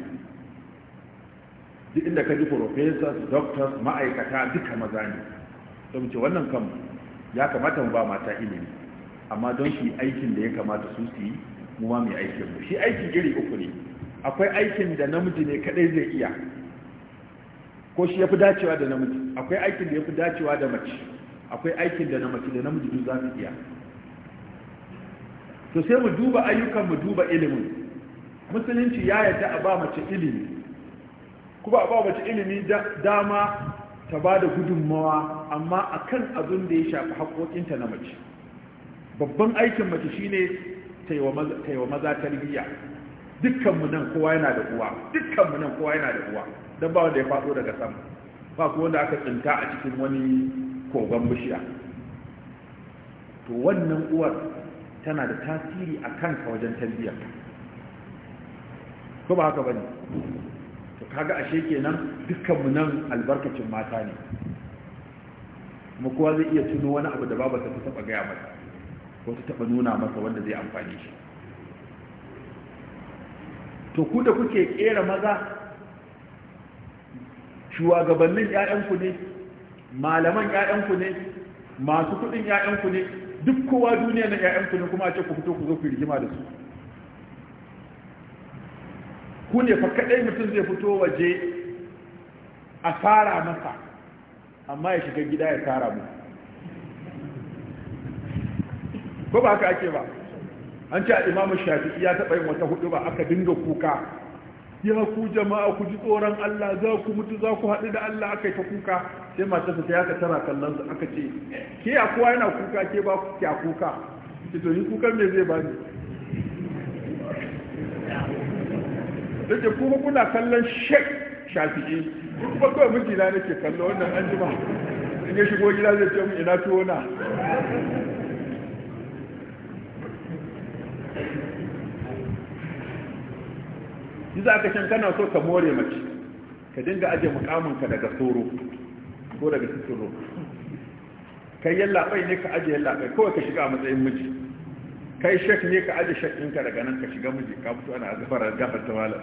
duk inda ka ji professors doctors ma'aikata duka maza ne To mu ce wannan kan ya kamata mu ba mata ilimi amma don shi aikin da ya kamata su su yi mu ma mai aikin mu shi aikin iri uku ne akwai aikin da namiji ne kadai zai iya ko shi ya fi dacewa da namiji akwai aikin da ya fi dacewa da mace akwai aikin da na mace da namiji duk za su iya to sai mu duba ayyukan mu duba ilimin musulunci ya yarda a ba mace ilimi kuma a ba mace ilimi dama ta ba da gudunmawa amma a kan abin da ya shafi haƙoƙinta na mace babban aikin mace shine ta yi wa maza tarbiyya dukkanmu nan kowa yana da uwa dukkanmu nan kowa yana da uwa don ba wanda ya faɗo daga sama ba kuwa wanda aka tsinta a cikin wani kogon bishiya to wannan uwar tana da tasiri a kanka wajen tarbiyyarka ko ba haka bane to kaga ashe kenan dukkan mu nan albarkacin mata ne mu kowa zai iya tuno wani abu da babarsa ta taba gaya mata, ko ta taba nuna masa wanda zai amfani shi to ku da kuke kera maza shugabannin 'ya'yanku ne malaman 'ya'yanku ne masu kuɗin 'ya'yanku ne duk kowa duniya na ƴaƴanku ne kuma a ce ku fito ku zo ku rigima da su ku ne fa kadai mutum zai fito waje a fara masa amma ya shiga gida ya tara mu ko ba haka ake ba an ce a imamu shafi'i ya taɓa yin wata hudu ba aka dinga kuka ya ku jama'a ku ji tsoron Allah za ku mutu za ku haɗu da Allah aka yi ta kuka sai matarsa ta yaka tara kallon su aka ce ke a kuwa yana kuka ke ba ku kuka to ni kukan me zai ba ni? da ke kuma kuna kallon shek shafi'i duk kuma kawai na nake kallon wannan an jima in ya shigo gida zai ce mun ina tuwo na yi za ka shan kana so ka more mace ka dinga aje mukaminka daga tsoro ko daga tsoro kai yallaɓai ne ka aje yallaɓai kawai ka shiga a matsayin miji kai shek ne ka aje shek ɗinka daga nan ka shiga miji ka fito ana gafara gafar ta malam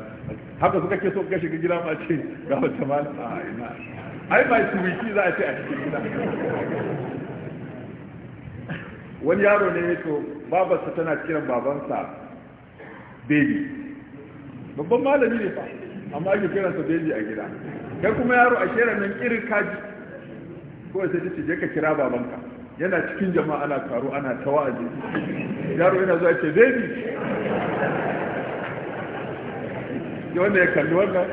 haka suka ke so ka shiga gida ma ce gafar ta malam a ina ai ba wiki za a ce a cikin gida wani yaro ne ya to babarsa tana kiran babansa baby babban malami ne fa amma ake sa baby a gida kai kuma yaro a shera nan irin kaji ko sai ta ce je ka kira babanka yana cikin jama'a ana taro ana ta wa'azi yaro yana zuwa ce baby wanda ya kalli wannan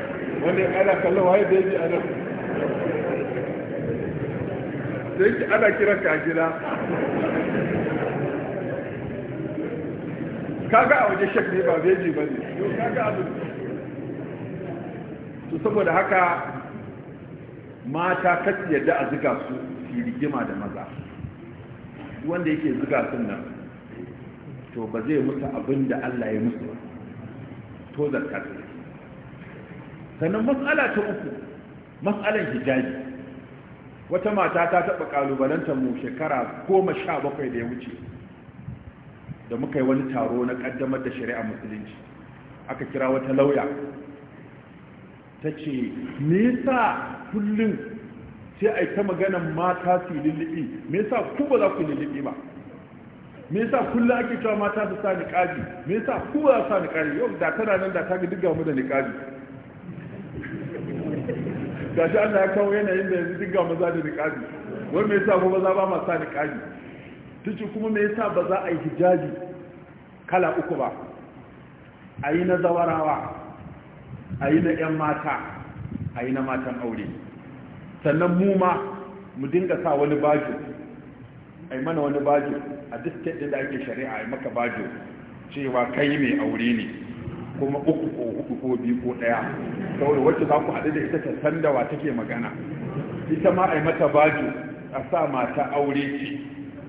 wanda ya ana kallon waye baby a nan sai ki ana kira ka gida kaga a waje shek ne ba beji ba ne kaga abu to saboda haka mata kasu yadda a zuga su su rigima da maza wanda yake zuga sun nan to ba zai mutu abin da Allah ya musu to zarta su sannan matsala ta uku matsalan hijabi wata mata ta taɓa ƙalubalantar mu shekara goma sha bakwai da ya wuce da muka yi wani taro na ƙaddamar da shari'a musulunci aka kira wata lauya ta ce nisa kullum sai a yi ta maganan mata su lullubi me yasa ku ba za ku lullubi ba me yasa kullum ake cewa mata su sa niqabi me yasa ku ba za sa niqabi yau da tana nan da ta ga duk mu da niqabi shi Allah ya kawo yanayin da yanzu duk ga za da niqabi wai me yasa ko za ba ma sa niqabi tuci kuma me yasa ba za a yi hijabi kala uku ba a yi na zawarawa a yi na 'yan mata a yi na matan aure sannan mu ma mu dinga sa wani bajo a yi mana wani bajo a duk ɗin da ake shari'a a yi maka bajo cewa kai mai aure ne kuma uku ko hudu ko biyu ko ɗaya saboda wacce za ku haɗu da ita ta sandawa take magana ita ma a yi mata bajo a sa mata aure ce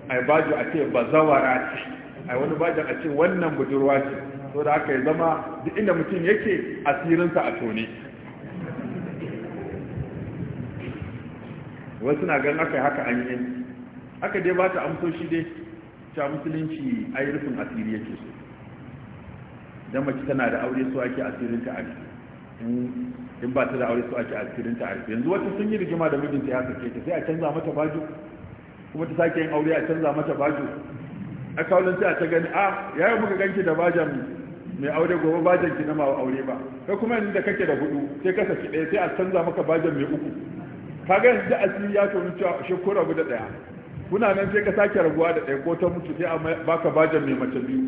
a yi bajo a ce bazawara ce a yi wani bajo a ce wannan budurwa ce so da ya zama duk inda mutum yake asirinsa a tone wasu na gan aka yi haka an yi aka dai ba ta amsoshi dai ta musulunci ai rufin asiri yake so dan mace tana da aure so ake asirin ta arfi in ba ta da aure so ake asirin ta arfi yanzu wata sun yi rigima da mijinta ya sake ta sai a canza mata bajo kuma ta sake yin aure a canza mata bajo a kawulin sai a ta gani a ah, yayin muka ganki da bajan mai aure gobe bajan ki na ma aure ba kai kuma yanzu da kake da hudu sai ka saki ɗaya sai a canza maka bajan mai uku kaga yanzu asiri ya tonu cewa shi ko rabu da daya kuna nan sai ka sake rabuwa da daya ko ta mutu sai a baka bajin mai mace biyu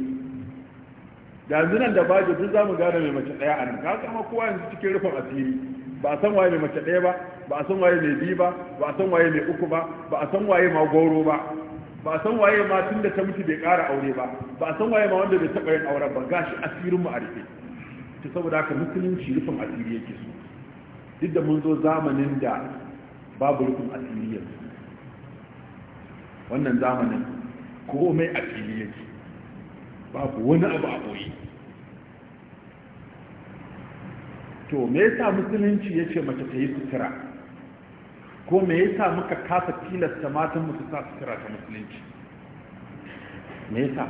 yanzu nan da bajin duk zamu gane mai mace daya a nan ka kama kowa yanzu cikin rufin asiri ba a san waye mai mace daya ba ba a san waye mai biyu ba ba a san waye mai uku ba ba a san waye ma goro ba ba a san waye ma tun da ta mutu bai kara aure ba ba a san waye ma wanda bai taba yin aure ba gashi asirin mu a rufe ta saboda haka musulunci rufin asiri yake so duk da mun zo zamanin da babu rufin asiliya wannan zamanin komai asiliya fili babu wani abu a boye to me yasa musulunci ya ce mace ta yi sutura ko me yasa muka kasa tilasta matan musu sa sutura ta musulunci me yasa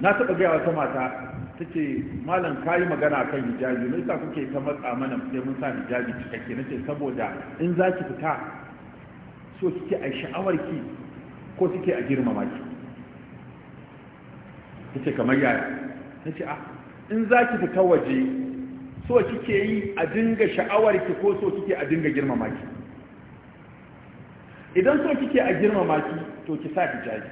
na taɓa gaya wata mata ta ce malam yi magana kan hijabi ne sa kuke ta matsa mana sai mun sa hijabi cikakke na ce saboda in za ki fita so kike a sha'awar ki ko kike a girmama ki ta ce kamar yaya ta ce a ah, in za ki fita waje so kike yi a dinga sha'awar ki ko so kike a dinga girmama ki idan so kike a girmama ki to ki sa hijabi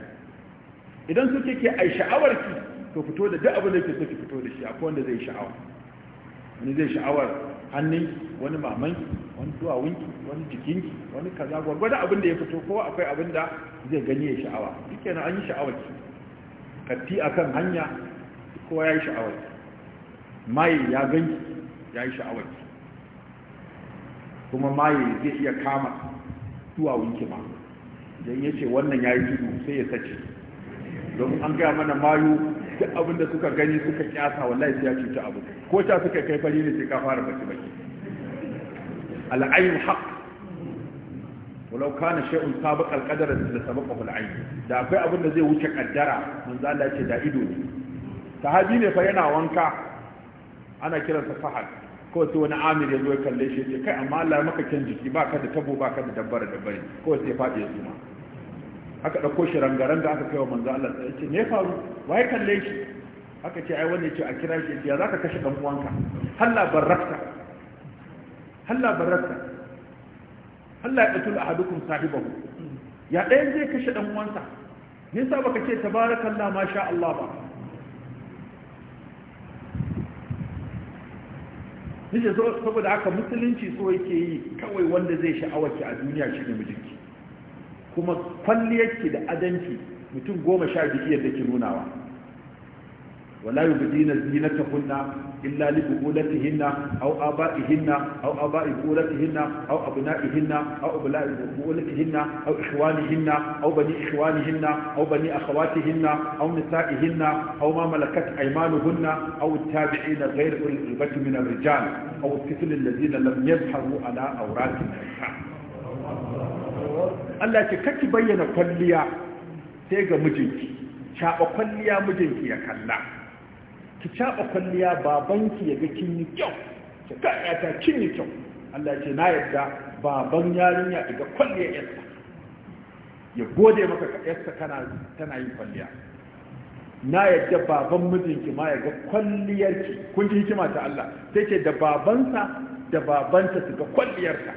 idan so kike a sha'awar ki to fito da duk abin da yake so ki fito da shi akwai wanda zai sha'awa wani zai sha'awar hannunki wani mamanki wani duwawunki wani jikinki wani kaza gwargwada abin da ya fito ko akwai abin da zai gani ya sha'awa shike na an yi sha'awar ki katti akan hanya kowa ya yi sha'awar ki maye ya ganki ya yi sha'awar ki kuma maye zai iya kama duwawunki ma idan ya ce wannan ya yi tudu sai ya sace don an gaya mana mayu duk abin da suka gani suka kyasa wallahi sai ya cuta abu ko ta suka kai fari ne sai ka fara baki baki al'ayn haqq walau kana shay'un sabaq al-qadar da sabaqahu al-ayn da akwai abin da zai wuce kaddara za Allah ce da ido ne sahabi ne fa yana wanka ana kiransa fahad ko sai wani amir ya zo ya kalle shi ya ce kai amma Allah maka kyan jiki baka da tabo baka da dabbara dabbare ko sai ya fadi ya suma aka ɗauko shi rangaranga aka kai wa manzo Allah sai ce me faru waye kalle shi aka ce ai wanda ya ce a kira shi ya zaka kashe dan uwanka Allah barakta halla barakta halla yatul ahadukum sahibahu ya ɗayan zai kashe dan uwansa me sa baka ce tabarakallah ma sha Allah ba Nije saboda haka musulunci so yake yi kawai wanda zai sha'awaki a duniya shi ne mijinki kuma kwalliyarki da adanki mutum goma sha biyu yadda ki nunawa wala yubdina zinatahunna illa li buqulatihinna aw aba'ihinna aw aba'i buqulatihinna aw abna'ihinna aw abla'i buqulatihinna aw ikhwanihinna aw bani ikhwanihinna aw bani akhawatihinna aw nisa'ihinna aw ma malakat aymanuhunna aw at-tabi'ina ghayr ulil irbati min ar-rijal aw at-tifl alladhina lam yadhharu ala awratin nisa Allah ce kaki bayyana kwalliya sai ga mijinki caɓa kwalliya mijinki ya kalla ki caɓa kwalliya babanki ya ga kin yi kyau ki ka ta kin yi kyau Allah ce na yadda baban yarinya daga kwalliya yarsa ya gode maka yarsa kana tana yin kwalliya na yadda baban mijinki ma ya ga kwalliyarki kun ji hikima ta Allah sai ce da babansa da babanta su ga kwalliyarka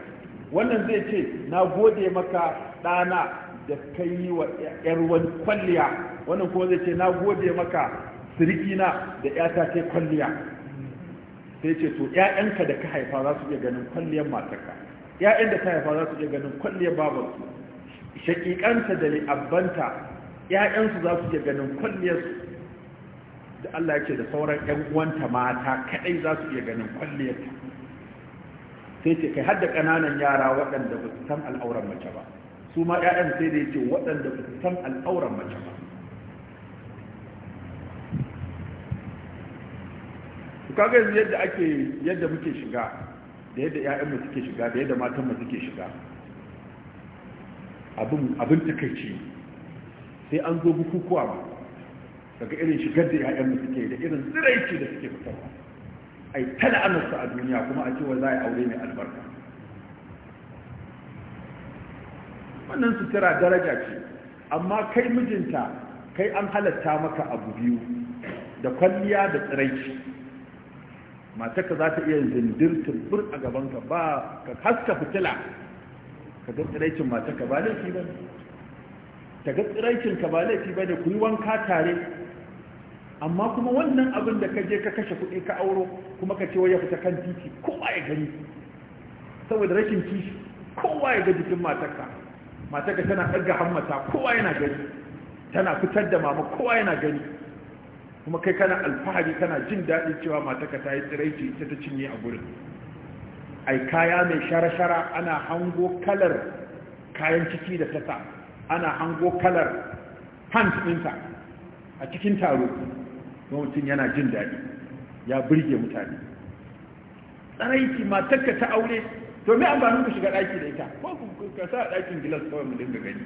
wannan zai ce na gode maka ɗana da ka yi wa ‘yar wani kwalliya wannan kuma zai ce na gode maka sirikina da ‘yata ce kwalliya sai ce to ‘ya'yanka da ka haifa za su iya ganin kwalliyar matarka ‘ya'yan da ka haifa za su iya ganin kwalliyar babansu shaƙiƙanta da li'abbanta ‘ya'yansu za su iya ganin kwalliyarsu da Allah ya ce da sauran ‘yan uwanta mata kaɗai za su iya ganin kwalliyarta sai ce kai hadda ƙananan yara waɗanda ba su san al'auran mace ba su ma ƴaƴan sai da yake waɗanda ba su san al'auran mace ba su kaga yanzu yadda ake yadda muke shiga da yadda 'ya'yanmu suke shiga da yadda matanmu suke shiga abin abin takaici sai an zo bukukuwa ba daga irin shigar da 'ya'yanmu suke da irin tsiraici da suke fitarwa ai tala'anarsa a duniya kuma a cewa za a yi aure mai albarka wannan sutura daraja ce amma kai mijinta kai an halatta maka abu biyu da kwalliya da tsiraici ka za ta iya zindir turbur a gabanka ba ka haska fitila ka ga tsiraicin ka ba laifi ba ne ta ga tsiraicin ka ba laifi ba ne ku yi wanka tare amma kuma wannan abin da ka je ka kashe kuɗi ka auro kuma ka ce wai ya fita kan titi kowa ya gani saboda rashin kishi kowa ya ga jikin matarka matarka tana ɗaga hammata kowa yana gani tana fitar da mama kowa yana gani kuma kai kana alfahari kana jin daɗin cewa matarka ta yi tsiraici ita ta cinye a gurin ai kaya mai shara-shara ana hango kalar kayan ciki da ta sa ana hango kalar pants ɗinta a cikin taro kuma mutum yana jin daɗi ya birge mutane tsaraiki matarka ta aure to me amfanin ku shiga ɗaki da ita ko ku ka sa ɗakin gilas kawai mu dinga gani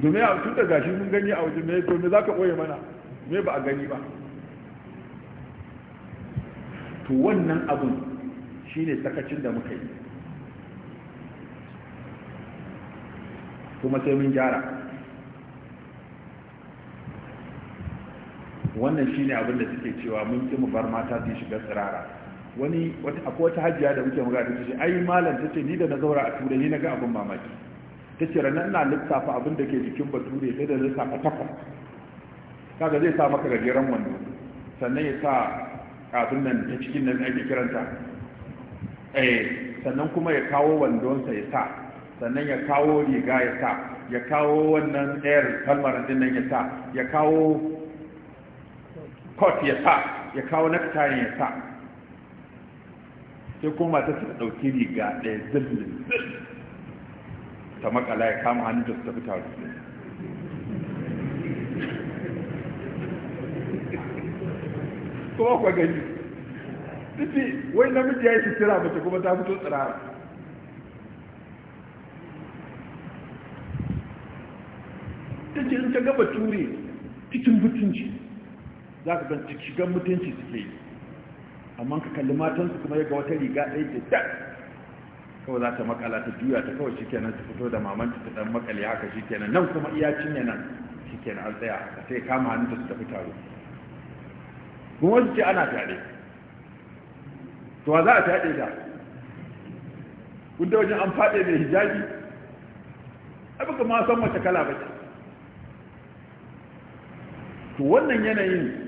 domin a tun da gashi mun gani a waje me to me zaka koye mana me ba a gani ba to wannan abun shine sakacin da muka yi kuma sai mun gyara wannan shi abin da suke cewa mun ki mu bar mata su shiga tsirara wani akwai wata hajjiya da muke magana ta ce ai malam tace ni da na zaura a turai ni na ga abin mamaki ta ce ranar ina lissafa abin da ke jikin bature sai da lissafa takwas kaga zai sa maka gajeren wando sannan ya sa abin nan ta cikin nan ake kiranta eh sannan kuma ya kawo wandonsa ya sa sannan ya kawo riga ya sa ya kawo wannan ɗayar kalmar din nan ya sa ya kawo court ya sa ya kawo nektarin ya sa sai kuma ta suka dauki riga ɗaya zillin ta makala ya kama hannun da su tafi tare kuma kwa gani tafi wai namiji ya yi sutura mace kuma ta fito tsirara ta ce in ta gaba ture cikin butunci za ka ganci shigan mutunci suke yi amma ka kalli matansu kuma yaga wata riga ɗaya ce da kawai za ta makala ta juya ta kawai shi kenan ta fito da mamanta ta dan makale haka shi kenan nan kuma iya cinye nan shi kenan an tsaya haka sai kama ta su tafi taro kuma wasu ce ana tare to za a tare da kun da wajen an faɗe mai hijabi abin ma san mace kala ba ce to wannan yanayin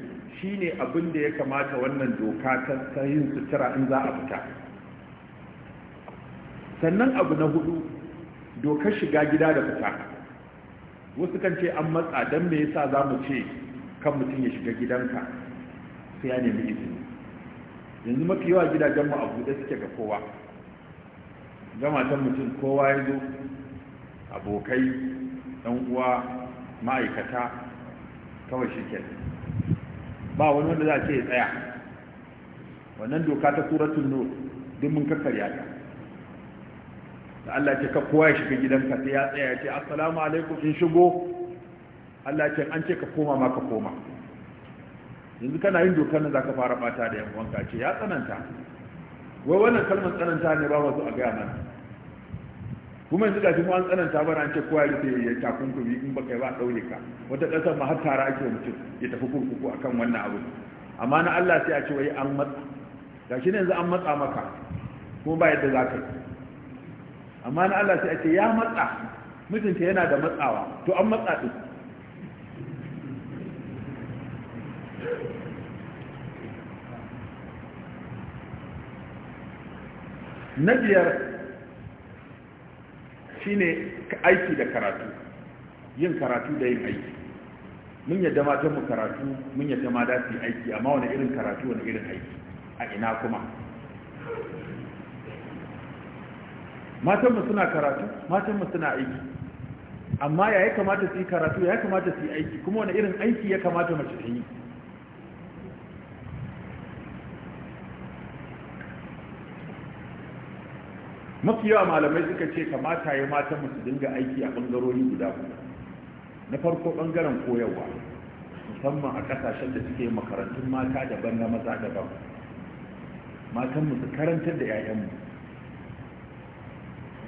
shine abin da ya kamata wannan doka ta yin sutura in za a fita sannan abu na hudu dokar shiga gida da fita wasu kan ce an matsa don me yasa za mu ce kan mutum ya shiga gidanka sai ya nemi izini yanzu mafi yawa mu a buɗe suke ga kowa ga matan mutum kowa ya zo abokai ɗan uwa ma'aikata kawai shi kenan ba wani wanda za a ce ya tsaya wannan doka ta turatun nur duk mun kakkarya ta da Allah ce ka kowa ya shiga gidanka sai ya tsaya ya ce assalamu alaikum in shigo Allah ce an ce ka koma ma ka koma yanzu kana yin dokar nan ka fara bata da yan uwanka ce ya tsananta wai wannan kalmar tsananta ne ba wasu a gaya mana kuma yanzu gashi an tsananta bana an ce kowa ya rufe ya takunkumi in baka yi ba ɗaure ka wata ƙasar ma har tara ake mutum ya tafi kurkuku akan wannan abu amma na Allah sai a ce wai an matsa gashi ne yanzu an matsa maka ko ba yadda za ka yi amma na Allah sai a ce ya matsa mutunta yana da matsawa to an matsa din na biyar shine aiki da karatu yin karatu da yin aiki mun yadda matan mu karatu mun yadda ma da su aiki amma wani irin karatu wani irin aiki a ina kuma matan mu suna karatu matan mu suna aiki amma ya ya kamata su yi karatu ya kamata su yi aiki kuma wani irin aiki ya kamata mace ta yi mafi yawa malamai suka ce kamata ya mata mu su dinga aiki a bangarori guda na farko bangaren koyarwa musamman a kasashen da suke makarantun mata daban na maza daban matan mu su karantar da 'ya'yanmu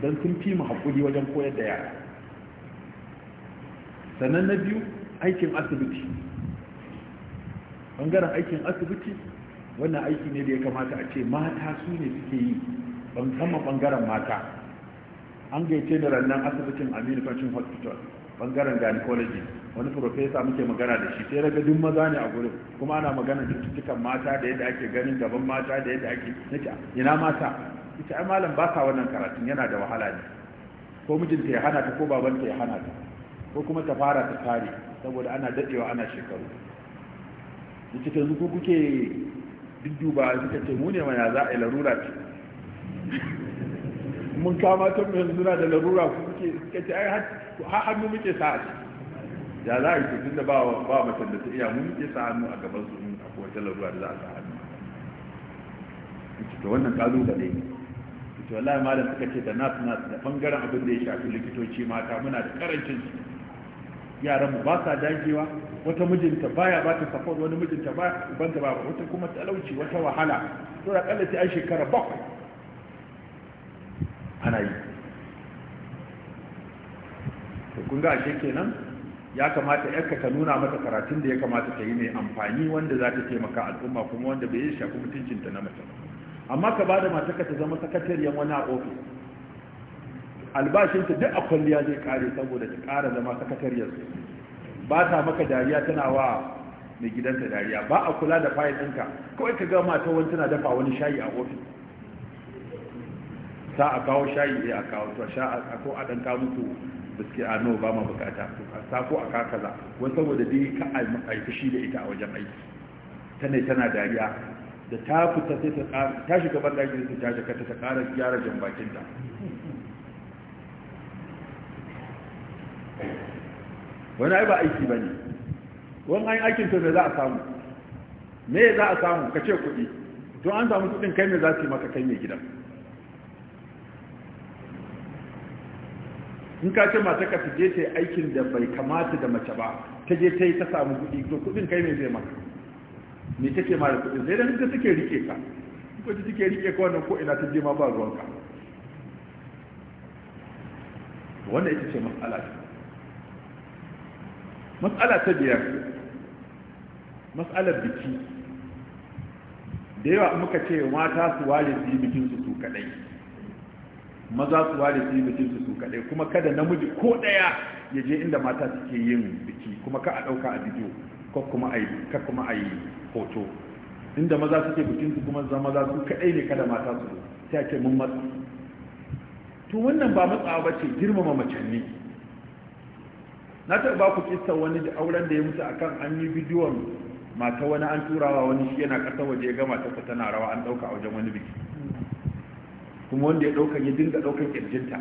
don sun fi mu haƙuri wajen koyar da yara sannan na biyu aikin asibiti bangaren aikin asibiti wannan aiki ne da ya kamata a ce mata su ne suke yi musamman bangaren mata an gaice da rannan asibitin aminu fashin hospital bangaren gynecology wani profesa muke magana da shi sai raga duk maza ne a gurin kuma ana magana cututtukan mata da yadda ake ganin gaban mata da yadda ake nake ina mata ita ai malam ba ka wannan karatun yana da wahala ne ko mijinta ya hana ta ko babanta ya hana ta ko kuma ta fara ta kare saboda ana dadewa ana shekaru da cikin zuku kuke duba suka ce mu ne ya za a yi larura ce mun kama ta mai na da larura ku muke suka ce ai har hannu muke sa a ya za a yi tutun da ba a matan da ta iya mun muke sa hannu a gaban su in a kowace larura da za a sa hannu to wannan kalubale ne to wallahi malam suka ce da nas nas da bangaren abin da ya shafi likitoci mata muna da karancin su yaran mu ba sa dagewa wata mijinta baya ba ta support wani mijinta ba ta ba wata kuma talauci wata wahala to da kalla sai ai shekara bakwai ana yi to kun ga ashe kenan ya kamata yarka ka nuna mata karatun da ya kamata ta yi mai amfani wanda za ta taimaka al'umma kuma wanda bai yi shafi mutuncinta na mace amma ka bada matarka ta zama sakatariyar wani a ofis albashinta duk a kwalliya zai kare saboda ta kara zama sakatariyar su ba ta maka dariya tana wa mai gidanta dariya ba a kula da fayil ɗinka kawai ka ga ta wani tana dafa wani shayi a ofis sa a kawo shayi eh a kawo to sha a ko a dan kawo muku biski a no ba ma bukata to a sa ko a ka kaza wani saboda dai ka a fushi da ita a wajen aiki ta ne tana dariya da ta fita sai ta ƙara ta shiga ban dakin sai ta jaka ta ƙara gyara jan bakin ta wani ai ba aiki ba ne wani an aikin to me za a samu me za a samu ka ce kuɗi to an samu kuɗin kai me za su yi maka kai mai gidan in ka ce mata ka je ta aikin da bai kamata da mace ba ta je ta yi ta samu kuɗi to kuɗin kai ne zai maka me take ma da kuɗin sai dan ita take rike ka ko ta take rike ka wannan ko ina ta je ma ba ka wannan ita ce mas'ala ta mas'ala ta biyar mas'alar biki da yawa muka ce mata su ware biyu bikin su su kadai maza su ware su yi bikin su su kaɗai kuma kada namiji ko ɗaya ya je inda mata suke yin biki kuma ka a ɗauka a bidiyo ko kuma a yi ka kuma a yi hoto inda maza suke bikin su kuma zama maza su kaɗai ne kada mata su sai ake mun matsa to wannan ba matsawa ba ce girmama macen ne na taɓa ba ku kista wani da auren da ya mutu akan an yi bidiyon mata wani an turawa wani shi yana ƙasa waje ya ga matarsa tana rawa an ɗauka a wajen wani biki kuma wanda ya ɗauka, ya dinga ɗaukar ƙirjinta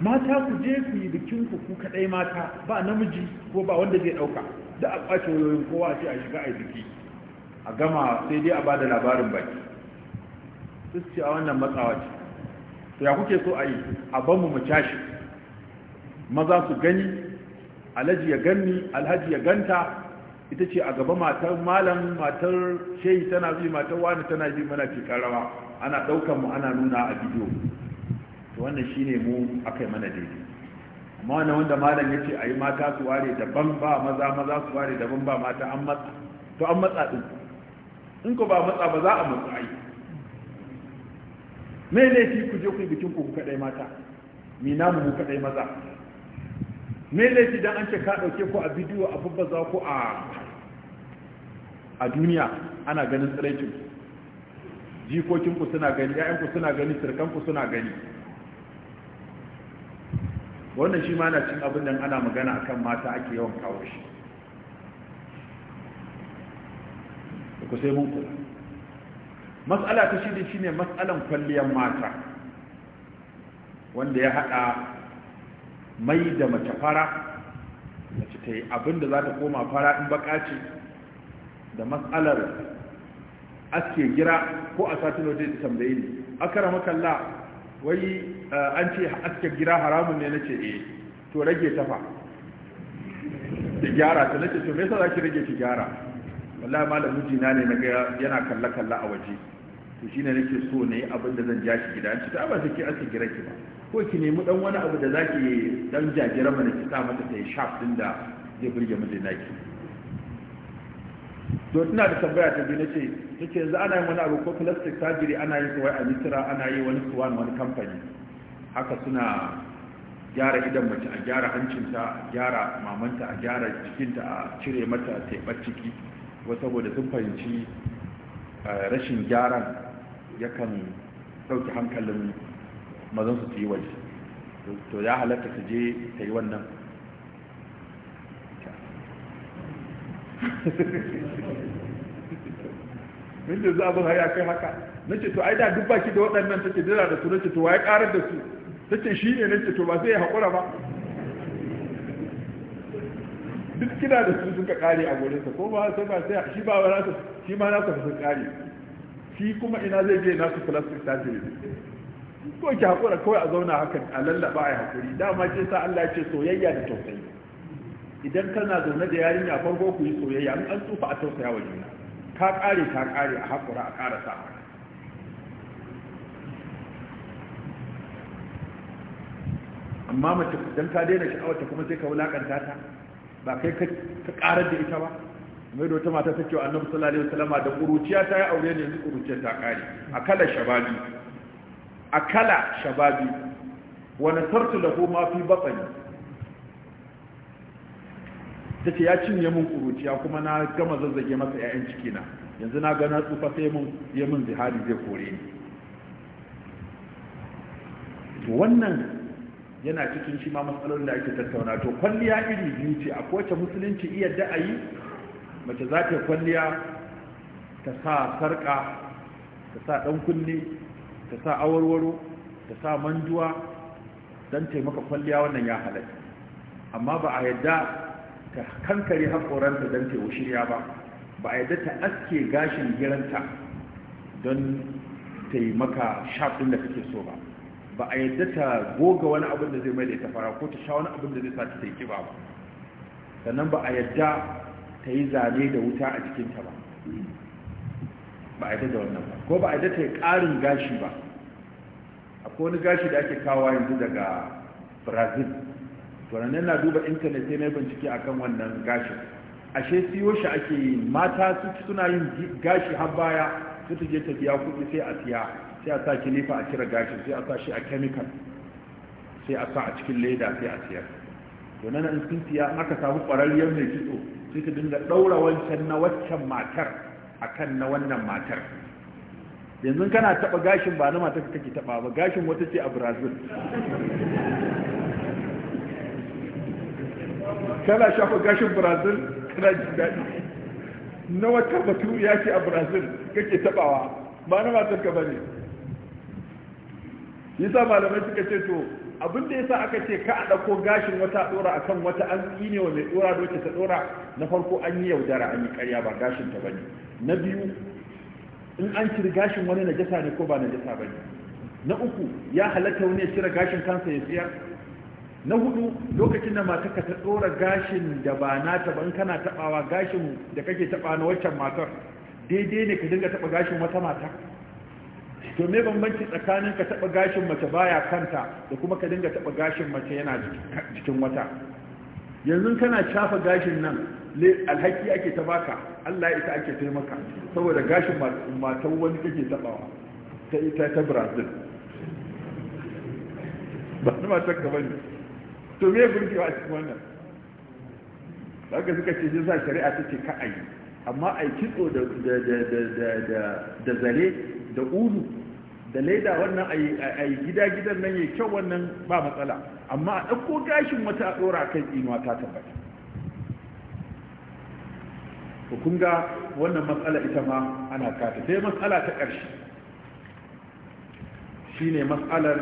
mata ku je ku yi bikin ku ku kaɗai mata ba namiji ko ba wanda zai ɗauka da a wayoyin kowa ce a shiga a biki a gama sai dai a ba da labarin baki su ce a wannan matsawa ce to ya kuke so a yi a ban mu mutashi maza su gani alhaji ya ganni alhaji ya ganta ita ce a gaba matar malam matar shehi tana bi matar wani tana bi mana ce rawa ana ɗaukan mu ana nuna a bidiyo to wannan shine mu yi mana daidai amma wannan wanda malam ya ce a yi mata su ware daban ba maza maza su ware daban ba mata an matsa to an matsa din in ko ba matsa ba za a matsa ai me ne ku je ku yi bikin ku kadai mata mi namu mu kadai maza me laifi da an ce ka dauke ku a bidiyo a babbaza ku a a duniya ana ganin tsiraicin jikokin ku suna gani ƴaƴan ku suna gani sirkan ku suna gani wannan shi ma na cin abin da ana magana akan mata ake yawan kawo shi ku sai mun kula mas'ala ta shi ne mas'alan kwalliyar mata wanda ya hada mai da mace fara mace ta yi abin da za ta koma fara in baka ce da matsalar aske gira ko a satilo da tambaye ni akara makalla wai eh, an ce aske gira haramun ne na ce eh to rage tafa da gyara ta nace to me yasa zaki rage ki gyara wallahi malam mijina ne naga yana kalla kalla a waje to shine nake so ne abin da zan ja shi gida an ce ta ba sai ki aske gira ki ba ko ki nemi dan wani abu da zaki dan jagira mana ki sa mata sai sharp din da zai burge mijin naki to tana da tambaya ta gina ce nace yanzu ana yin wani abu ko plastic surgery ana yi kawai a mitira ana yi wani wani kamfani haka suna gyara idan mace a gyara hancinta a gyara mamanta a gyara jikinta a cire mata teɓar ciki wasu saboda sun fahimci eh, rashin gyaran yakan ɗauki hankalin mazan su yi waje to ya halatta ta je ta yi wannan min da zaɓin haya kai haka na ce to ai da duk baki da waɗannan take dira da su na ce to waye ƙarar da su ta ce shi ne na ce to ba zai yi haƙura ba duk kina da su suka ƙare a gurinsa ko ba sai ba sai shi ba wa nasa shi ma nasa sun ƙare shi kuma ina zai je nasu plastic surgery ko ki hakura kawai a zauna hakan a lallaba a hakuri dama ce sa Allah ce soyayya da tausayi idan kana zaune da yarinya farko ku yi soyayya in an tsufa a tausaya wa juna ka kare ka kare a hakura a kara sa amma mace idan ka daina shi ta kuma sai ka wulakanta ta ba kai ka karar da ita ba mai da wata mata ta ce wa annabi sallallahu alaihi wasallama da kuruciya ta yi aure ne yanzu kuruciyar ta kare a kala shababi A kala shababi wa nasartu lahu ma fi batni tace ya cinye mun kuruciya kuma na gama zazzage masa 'ya'yan cikina yanzu na ga na tsufa sai ya mun zihari zai kore ni to wannan yana cikin shi ma matsalolin da ake tattauna to kwalliya iri biyu ce a kowace musulunci iya da'ayi mace za ta kwalliya ta sa sarka ta sa dan kunne ta sa awarwaro ta sa manjuwa don taimaka kwalliya wannan ya halatta amma ba a yadda ta kankare haƙoranta don taiwo shirya ba ba a yadda ta aske gashin giranta don taimaka shafin da kake so ba ba a yadda ta goga wani abin da zai mai da ita fara ko ta sha wani abin da zai sa ta sai kiba ba sannan ba a yadda ta yi zane da wuta a jikinta ba ba a yi da wannan ba ko ba a yi ta yi ƙarin gashi ba akwai wani gashi da ake kawo yanzu daga brazil tunanin na duba intanet sai na bincike akan wannan gashi ashe siyo shi ake yi mata suna yin gashi har baya su ta je tafiya kuɗi sai a siya sai a sa kilifa a cire gashi sai a sa shi a chemical sai a sa a cikin leda sai a siyar to nan in sun siya aka samu ƙwararriyar mai kitso sai ta dinga ɗaura wancan na waccan matar akan na wannan matar yanzu kana taba gashin ba na matar kake taba ba gashin wata ce a brazil kana shafa gashin brazil kana jin daɗi na wata batu ya ce a brazil kake tabawa ba na matar ka yi sa malamai suka ce to abin da yasa aka ce ka a ɗauko gashin wata ɗora akan wata an ne wa mai ɗora doke ta ɗora na farko an yi yaudara an yi ƙarya ba gashin ta bane na biyu in an cire gashin wani na jasa ne ko ba na jasa bane na uku ya halatta wani ya cire gashin kansa ya siyar na hudu lokacin da mata ka ta dora gashin da ba na ta ban kana tabawa gashin da kake taba na waccan matar daidai ne ka dinga taba gashin wata mata to me bambanci tsakanin ka taba gashin mace baya kanta da kuma ka dinga taba gashin mace yana jikin wata yanzu kana shafa gashin nan alhaki ake ta baka Allah ita ake taimaka saboda gashin matan wani kake tabawa ta ita ta Brazil ba ni matar ka bane to me burgewa a cikin wannan haka suka ce shi sa shari'a take ka ayi amma aiki kitso da da da da da zare da ulu da leda wannan a gida-gidan nan ya kyau wannan ba matsala amma a ɗauko gashin wata a ɗora kan inuwa ta tabbata kun ga wannan matsala ita ma ana kata sai matsala ta ƙarshe shine matsalar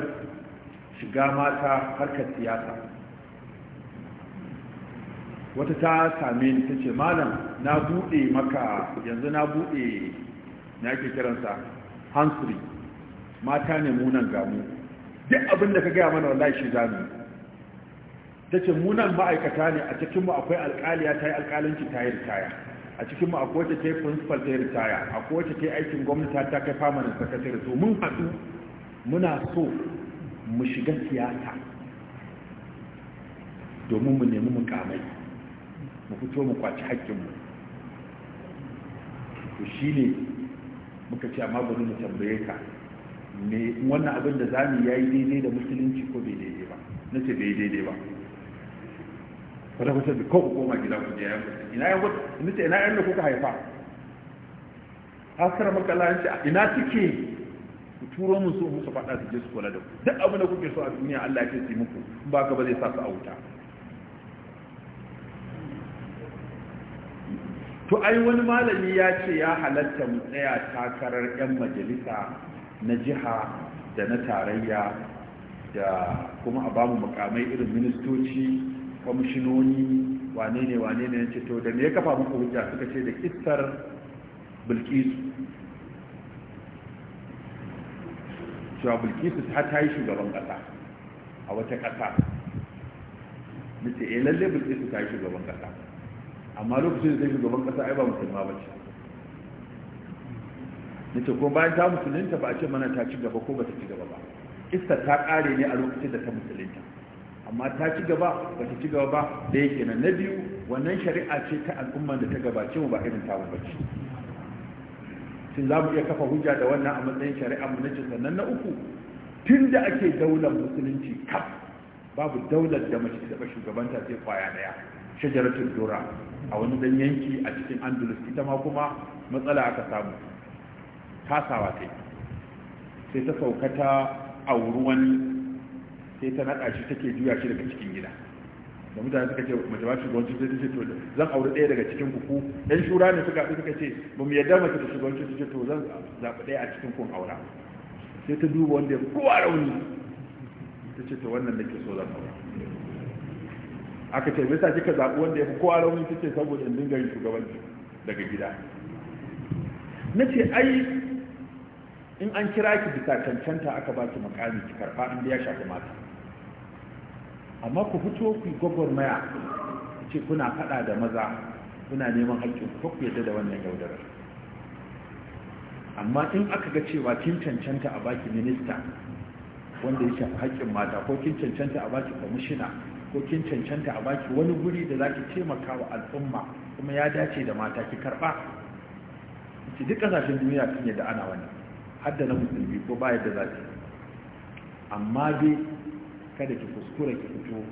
shiga mata harkar siyasa wata ta same ni ta ce malam na buɗe maka yanzu na buɗe na ke kiransa hansuri mata ne munan gamu duk abin da ka gaya mana wallahi shi zamu ta ce munan ma'aikata ne a cikinmu akwai alƙaliya ta yi alƙalanci ta yi ritaya a cikinmu akwai wacce ta yi principal ta yi ritaya akwai wacce ta yi aikin gwamnati ta kai famanin sakatare to mun haɗu muna so mu shiga siyasa domin mu nemi mukamai mu fito mu kwaci haƙƙinmu to shi ne muka ce amma bari mu tambaye ka me wannan abin da zamu yayi daidai da musulunci ko bai daidai ba nace bai daidai ba Kada ku da ko koma gida ku je yan ina yan wata nace ina yan da kuka haifa asara makala ya ce ina kike ku turo musu musu faɗa su je su kula da ku duk abin da kuke so a duniya Allah ya ce muku ba ka ba zai sa su a wuta to ai wani malami ya ce ya halatta mu tsaya takarar 'yan majalisa na jiha da na tarayya da kuma a bamu mukamai irin ministoci kwamishinoni wane ne wane ne ya ce to da ne ya kafa muku hujja suka ce da kistar bilkisu cewa bilkisu ta ta yi shugaban ƙasa a wata ƙasa nace eh lalle bilkisu ta yi shugaban ƙasa amma lokacin da zai shugaban kasa ai ba musulma ba ce ce ko bayan ta musulunta ba a ce mana ta ci gaba ko ba ta ci gaba ba ista ta kare ne a lokacin da ta musulunta amma ta ci gaba ba ta ci gaba ba da yake nan na biyu wannan shari'a ce ta al'umman da ta gabace mu ba irin ta ba ce shin za mu iya kafa hujja da wannan a matsayin shari'a mu ce sannan na uku tun da ake daular musulunci kaf babu daular da mace ta shugabanta sai kwaya daya shajaratul dora. a wani dan yanki a cikin andalus ita ma kuma matsala aka samu kasawa ta sai ta saukata a auri wani sai ta naɗa shi take juya shi daga cikin gida da mutane suka ce mace ba shugabanci sai ta ce to zan auri ɗaya daga cikin ku ɗan shura ne suka suka ce ba mu yarda mace da shugabanci su ce to zan zaɓi ɗaya a cikin kun aura sai ta duba wanda ya kowa rauni ta ce to wannan da ke so zan aura aka ce yasa kika zaɓi wanda ya fi kowa rauni kike saboda in dinga yin shugabanci daga gida na ce ai in an kira ki bisa cancanta aka ba ki makami ki karfa in da ya shafi mata amma ku fito ku gwagwarmaya ce kuna faɗa da maza kuna neman haƙƙin ku ku yadda da wannan yaudarar amma in aka ga cewa kin cancanta a baki minista wanda ya shafi haƙƙin mata ko kin cancanta a baki kwamishina ko kin cancanta a baki wani guri da zaki taimaka wa al'umma kuma ya dace da mata ki karba ki duk kasashen duniya sun da ana wani hadda na musulmi ko ba yadda zaki amma dai kada ki kuskura ki fito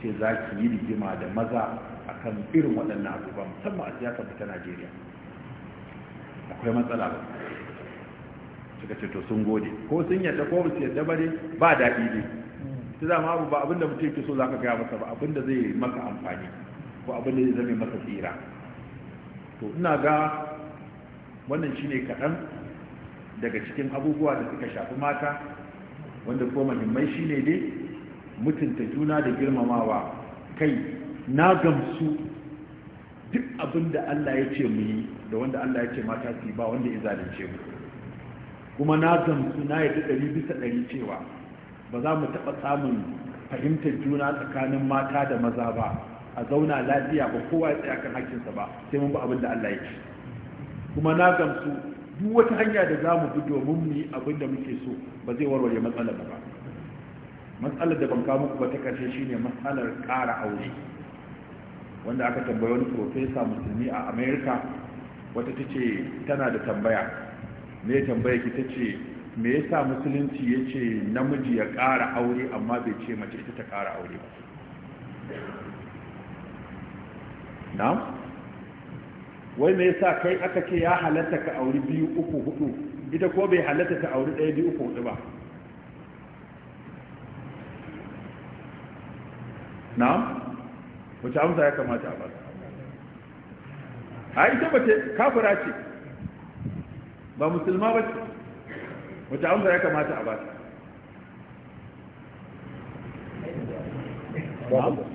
ce zaki yi rigima da maza akan irin waɗannan abubuwa musamman a siyasar ta Najeriya akwai matsala ba suka ce to sun gode ko sun yarda ko ba su yadda ba ba daɗi ne ta zama abu ba abinda mutum ke so za ka gaya masa ba abinda zai maka amfani ko abinda zai zame masa tsira to ina ga wannan shine kaɗan daga cikin abubuwa da suka shafi mata wanda kuma shi shine dai mutunta juna da girmamawa kai na gamsu duk abinda Allah ya ce mu yi da wanda Allah ya ce mata su ba wanda ya zalunce mu kuma na gamsu na ta ɗari bisa ɗari cewa ba za mu taɓa samun fahimtar juna tsakanin mata da maza ba a zauna lafiya ba kowa ya tsaya kan hakkinsa ba sai mun bi abin da Allah ya ce kuma na gamsu duk wata hanya da za mu bi domin mu yi abin da muke so ba zai warware matsalar ba matsalar da ban kawo muku ba ta karshe shine matsalar ƙara aure wanda aka tambaye wani profesa musulmi a america wata ta ce tana da tambaya me tambaya ki ta ce me yasa musulunci ya ce namiji ya ƙara aure amma bai ce mace ita ta ƙara aure ba na? wai me yasa kai aka ce ya halatta ka auri biyu uku hudu ita ko bai halatta ta auri ɗaya biyu uku hudu ba na? wace amsa ya kamata a ba a ita mace kafira ce ba musulma ba ce wata amsa ya kamata a bata wata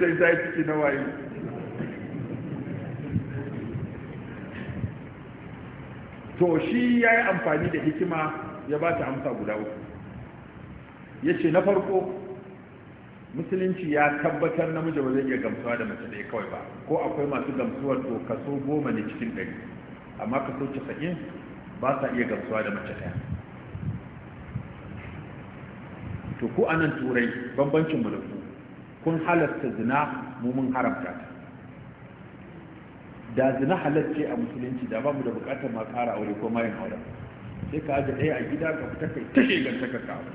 ta sai ciki na waye to shi ya yi amfani da hikima ya ba ta amsa guda uku ya ce na farko musulunci ya tabbatar namiji wajen iya gamsuwa da mace ɗaya kawai ba ko akwai masu gamsuwar to kaso goma ne cikin ɗari amma ka so casa'in ba sa iya gamsuwa da mace ɗaya to ko a nan turai bambancin mu da ku kun halarta zina mu mun haramta ta da zina halarce a musulunci da ba mu da bukatar ma ƙara aure ko mayin aure, sai ka aje ɗaya a gida ka fita kai ta shegar ta ka aure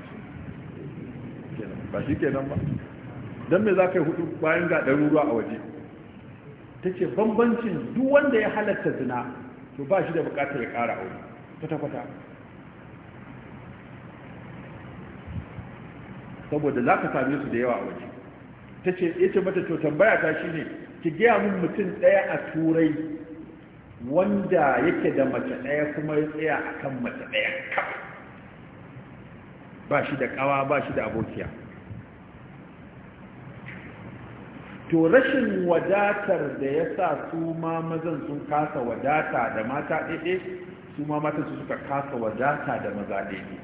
ba shi ke nan ba don me za ka yi hudu bayan ga ɗaruruwa a waje ta ce bambancin duk wanda ya halatta zina to ba shi da bukatar ya kara aure kwata-kwata saboda za ka same su da yawa a waje ta ce ya ce mata to tambaya ta shi ne ki gaya min mutum ɗaya a turai wanda yake da mace ɗaya kuma ya tsaya a kan mace ɗaya ba shi da ƙawa ba shi da abokiya to rashin wadatar da ya sa su ma mazan sun kasa wadata da mata ɗaiɗe su ma mata su suka kasa wadata da maza ɗaiɗe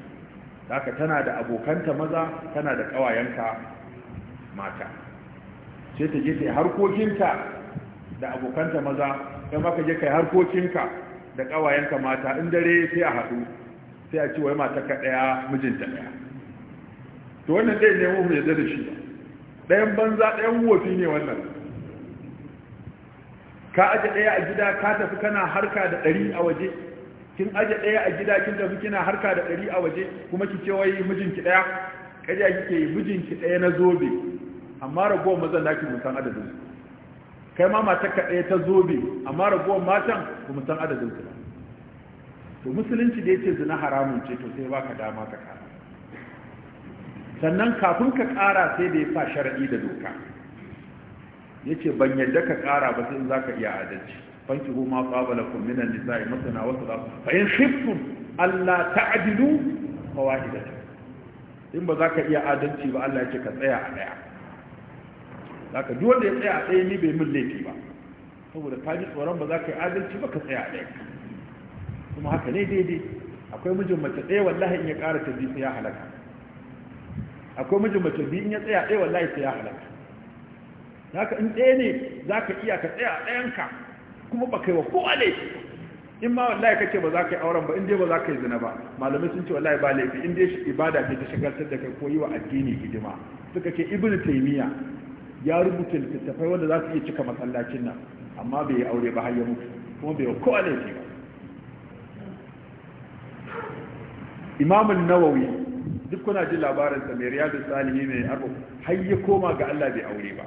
haka tana da abokanta maza tana da ƙawayenka mata sai ta je ta yi harkokinta da abokanta maza ma maka je ka yi harkokinka da ƙawayenka mata in dare sai a haɗu sai a ci wai mata ka ɗaya mijinta ɗaya to wannan ɗaya ne mu ya da shi ba ɗayan banza ɗayan wofi ne wannan ka aje ɗaya a gida ka tafi kana harka da ɗari a waje kin aje ɗaya a gida kin tafi kina harka da ɗari a waje kuma ki ce wai mijinki ɗaya ƙarya kike yi mijinki ɗaya na zobe amma ragowar mazan naki ki san adadin su kai ma matakka ka ɗaya ta zobe amma ragowar matan ku mu san adadin su to musulunci da yace zina haramun ce to sai baka dama ka kara sannan kafin ka ƙara sai da ya sa sharaɗi da doka ya ce ban yadda ka ƙara ba sai za ka iya adalci fanki ma tsabala kun minan nisa'i masana wasu za fa in shiftun allah ta'adilu fawahidatan in ba za ka iya adalci ba allah ya ce ka tsaya a ɗaya za ka duwanda ya tsaya a ɗaya ni bai min laifi ba saboda ta ji tsoron ba za ka yi adalci ba ka tsaya a ɗaya kuma haka ne daidai akwai mijin mace ɗaya wallahi in ya ƙara ta sai ya halaka akwai mijin mace biyu in ya tsaya ɗaya wallahi sai ya halaka haka in ɗaya ne za ka iya ka tsaya a ɗayanka kuma ba kai wa kowa laifi in ma wallahi kake ba za ka yi auren ba in dai ba za ka yi zina ba malamai sun ce wallahi ba laifi in dai ibada ce ta shagaltar da kai ko yi wa addini hidima suka ce ibnu taymiya ya rubuta littattafai wanda za su iya cika masallacin nan amma bai yi aure ba har ya mutu kuma bai wa kowa laifi ba imam nawawi duk kuna ji sa mai riyadu salihi mai abu har ya koma ga Allah bai aure ba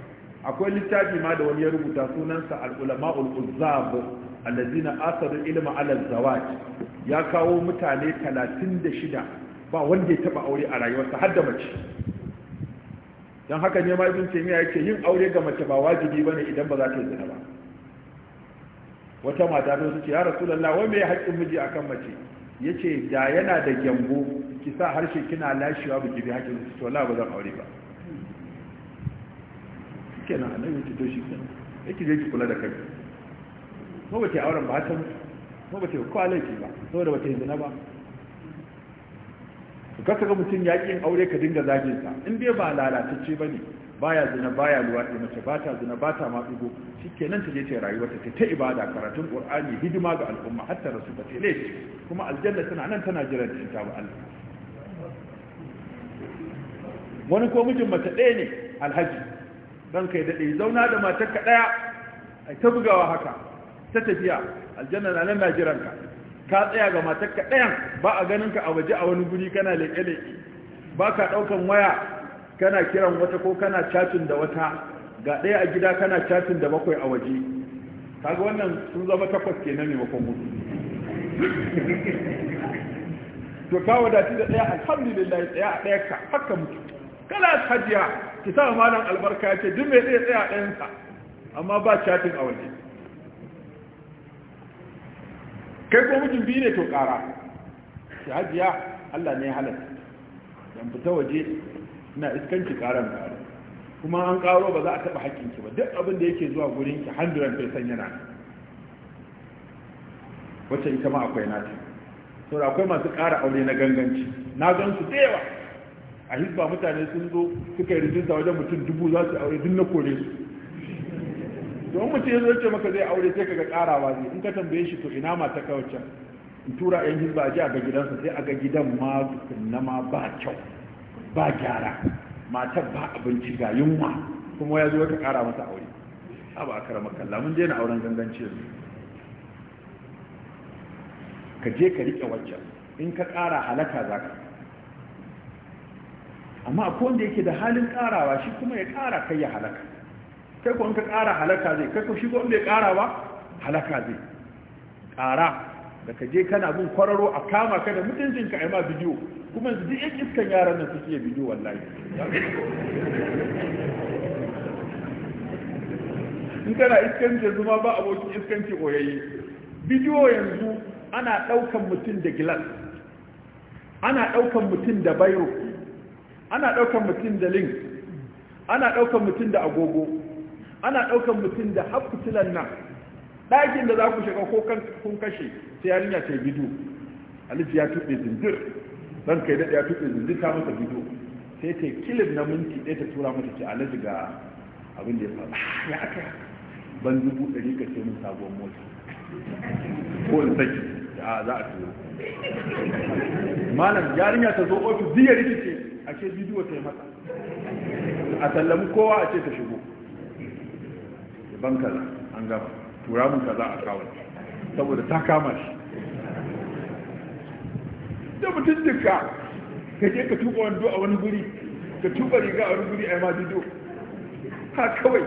akwai littafi ma da wani ya rubuta sunansa al-ulama al-uzzab allazina asaru ilma ala zawaj ya kawo mutane 36 ba wanda ya taba aure a rayuwarsa har da mace dan haka ne ma ibn taymiya yake yin aure ga mace ba wajibi bane idan ba za ta zina ba wata mata ta ce ya rasulullah wai me haƙƙin miji akan mace yace da yana da gyambo ki sa harshe kina lashewa ba ki bi hakin to la ba zan aure ba kenan annabi ki to shi kenan yake je ki kula da kai ko ba ki auren ba ta ko ba ki ko laifi ba saboda ba ta yi zina ba ka kaga mutum ya ƙin aure ka dinga zagin sa in dai ba lalatacce bane baya zina baya luwaɗi mace ba ta zina ba ta go shi kenan ta je ta rayuwarta ta ta ibada karatun ƙur'ani hidima ga al'umma hatta rasu ba ta laifi kuma aljanna tana nan tana jiran cinta ba Allah wani ko mijin mace ɗaya ne alhaji don kai daɗe zauna da matar ka ɗaya a ta bugawa haka ta tafiya aljanna na nan najiran ka ka tsaya ga matar ka ɗayan ba a ganin ka a waje a wani guri kana leƙe-leƙe ba ka ɗaukan waya kana kiran wata ko kana cacin da wata ga ɗaya a gida kana cacin da bakwai a waje kaga wannan sun zama takwas ke kenan maimakon hudu [LAUGHS] to ka wadatu da ɗaya alhamdulillah ɗaya a ɗaya ka haka mutu kana hajiya ki sa malam albarka ya ce duk mai zai tsaya ɗayansa amma ba chatin a waje kai ko mijin biyu ne to ƙara ki hajiya Allah ne ya halatta dan fita waje na iskanci ƙaran ƙaro kuma an ƙaro ba za a taɓa haƙƙinki ba duk abin da yake zuwa gurinki 100% yana wacce ita ma akwai nata saboda akwai masu ƙara aure na ganganci na gan su da yawa a hisba mutane sun zo suka yi rijista wajen mutum dubu za su aure duk na kore su don mutum ya zo ce maka zai aure sai kaga karawa zai in ka tambaye shi to ina kawai can in tura yan hisba a ji a ga gidansa sai a ga gidan ma na ma ba kyau ba gyara matar ba abinci ga yunwa kuma ya zo ka kara masa aure a ba a kara makalla mun na auren ganganci yanzu ka je ka riƙe waccan in ka ƙara halaka za ka amma akwai wanda yake da halin karawa shi kuma ya kara kai ya halaka kai ko in ka kara halaka zai kai ko shi ko in bai kara ba halaka zai kara da ka je kana bin kwararo a kama ka da mutuncin ka ma bidiyo kuma yanzu duk yan iskan yaran nan suke bidiyo wallahi in kana iskance zuma ba abokin iskanci koyayye bidiyo yanzu ana daukan mutum da gilas ana daukan mutum da bairo ana ɗaukar mutum da link ana ɗaukar mutum da agogo ana ɗaukar mutum da haɓɓutulan nan ɗakin da za ku shiga ko kun kashe sai yarinya ta bido alif ya tuɓe zindir ɗan kai daɗa ya tuɓe zindir ta masa bido sai ta kilin na minti ɗaya ta tura mata ce alaji ga abin da ya faru ah, ya aka ban dubu ɗari ka ce min sabuwar mota ko in saki ah, za a tura malam yarinya ta zo ofis ziyar rikice Ake bidiyo ta yi mata a sallamu kowa a ce ta shigo ban kaza an gaba tura mun kaza a kawai saboda ta kama shi da mutum duka ka je ka tuba wando a wani guri ka tuba riga a wani guri a yi ma bidiyo ha kawai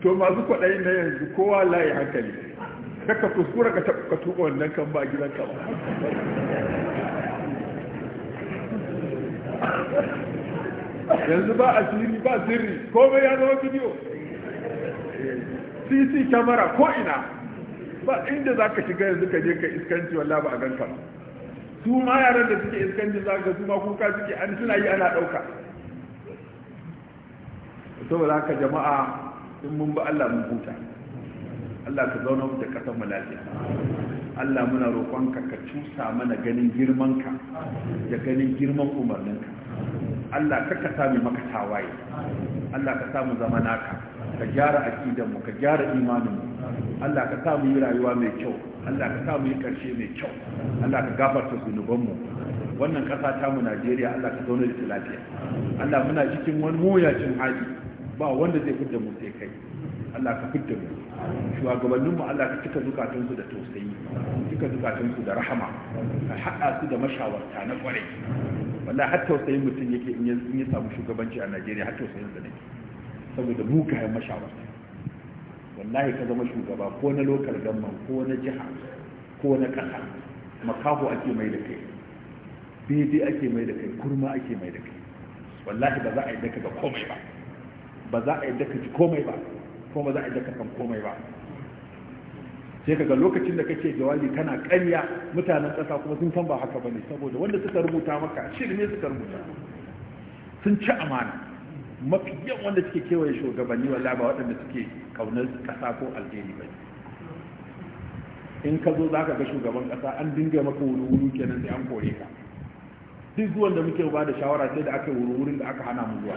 to masu kwaɗayin na yanzu kowa layi hankali kaka kuskura ka tuba wannan kan ba gidan ka ba yanzu ba a shiri ba sirri komai ya zama bidiyo cc kamara ko ina ba inda za ka shiga yanzu ka je ka iskanci wallah ba a ganka su ma yaran da suke iskanci za ka su ma kuka suke an suna yi ana ɗauka za ka jama'a in mun ba Allah mun huta Allah ka zauna mu da ƙasar mu lafiya Allah muna roƙonka ka cusa mana ganin girmanka da ganin girman umarninka Allah ka ka sami maka tawaye Allah ka samu zama naka ka gyara aƙidanmu, ka gyara imaninmu Allah ka samu yi rayuwa mai kyau Allah ka samu yi ƙarshe mai kyau Allah ka gafarta zunubanmu wannan ƙasa ta mu Najeriya Allah ka zaune da lafiya Allah muna cikin wani cin hali ba wanda zai fidda mu sai kai Allah ka fidda mu mu Allah ka cika zukatunsu da tausayi cika zukatunsu da rahama ka haɗa su da mashawarta na kware wallahi har tausayin mutum yake in ya samu shugabanci a Najeriya har tausayin sa nake saboda ka yi mashawarta wallahi ka zama shugaba ko na lokal gamman ko na jiha ko na kasa. makaho ake mai da kai bidi ake mai da kai kurma ake mai da kai wallahi ba za a yi daka ga komai ba ba za a yi daka ji komai ba kuma za a jaka kan komai ba sai kaga lokacin da kake jawabi kana ƙarya mutanen ƙasa kuma sun san ba haka bane saboda wanda suka rubuta maka shirme suka rubuta sun ci amana mafi yawan wanda suke kewaye shugabanni wala ba waɗanda suke kaunar ƙasa ko aljeri ba in ka zo za ka ga shugaban ƙasa an dinga maka wuri-wuri kenan sai an kore ka duk zuwan da muke ba da shawara sai da aka yi wuri-wurin da aka hana mu zuwa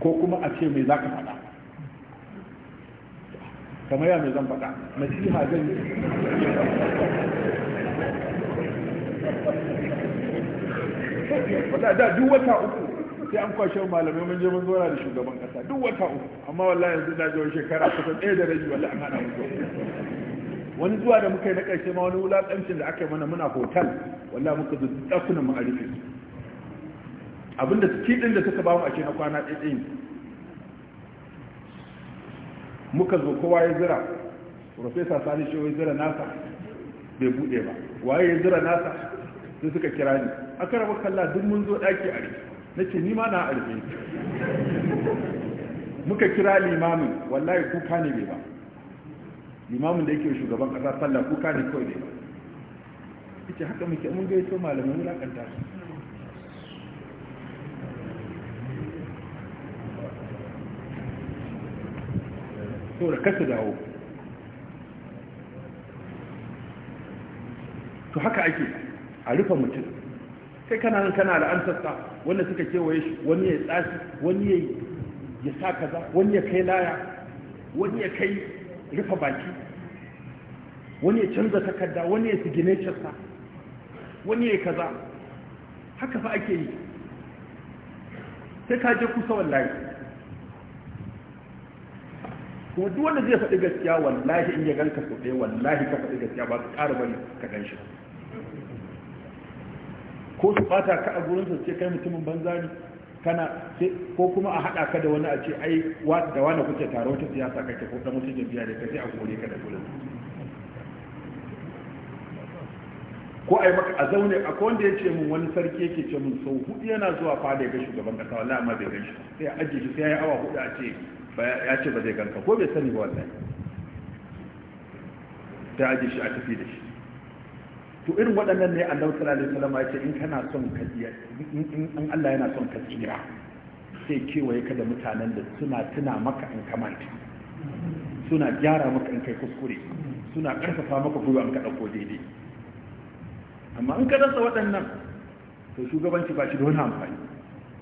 ko kuma a ce mai za ka faɗa kamar ya mai zan faɗa nasiha zan yi faɗa da duk wata uku sai an kwashe malamai mun je mun zora da shugaban kasa duk wata uku amma wallahi yanzu na jiwon shekara kusan ɗaya da rabi wallahi an hana mu wani zuwa da muka yi na ƙarshe ma wani wulaƙancin da aka yi mana muna hotel wallahi muka zuci ɗakunan mu a rufe abinda kiɗin da suka bamu ake na kwana ɗaiɗin muka zo kowa ya zira profesa sani shi ya zira nasa bai buɗe ba waye ya zira nasa sai suka kira ni a karama kalla duk mun zo ɗaki a rufe na ce ni ma na a rufe muka kira limamin wallahi kuka ne bai ba limamin da yake shugaban ƙasa sallah kuka ne kawai bai ba ita haka muke mun gaito malamai wulakanta su saboda kasu dawo to haka ake a rufe mutum sai kana nan kana la'antarsa wanda suka kewaye shi wani ya tsasi wani ya ya sa kaza wani ya kai laya wani ya kai rufe baki wani ya canza takarda wani ya sigine cinsa wani ya kaza haka fa ake yi sai ka je kusa wallahi kuma duk wanda zai faɗi gaskiya wallahi in ya ganka sau ɗaya wallahi ka faɗi gaskiya ba ka ƙara bari ka gan shi ko su ɓata ka a gurin sai kai mutumin banza ne kana ko kuma a haɗa ka da wani a ce ai da wani kuke taro ta siyasa kake ko da mutum jami'a da kai a kore ka da gurin ko ai maka a zaune a ko wanda ya ce min wani sarki yake ce min sau hudu yana zuwa fada ya ga shugaban kasa wallahi amma bai gan shi sai a ajiye shi sai ya yi awa hudu a ce ya ce ba zai ganka ko bai sani ba wallahi ta aje shi a tafi da shi to irin waɗannan ne annabi sallallahu alaihi wasallam ya ce in kana son ka in Allah yana son ka tsira sai kewaye ka da mutanen da suna tuna maka in kamanta suna gyara maka in kai kuskure suna karfafa maka gwiwa in ka dauko daidai amma in ka rasa waɗannan to shugabanci ba shi da wani amfani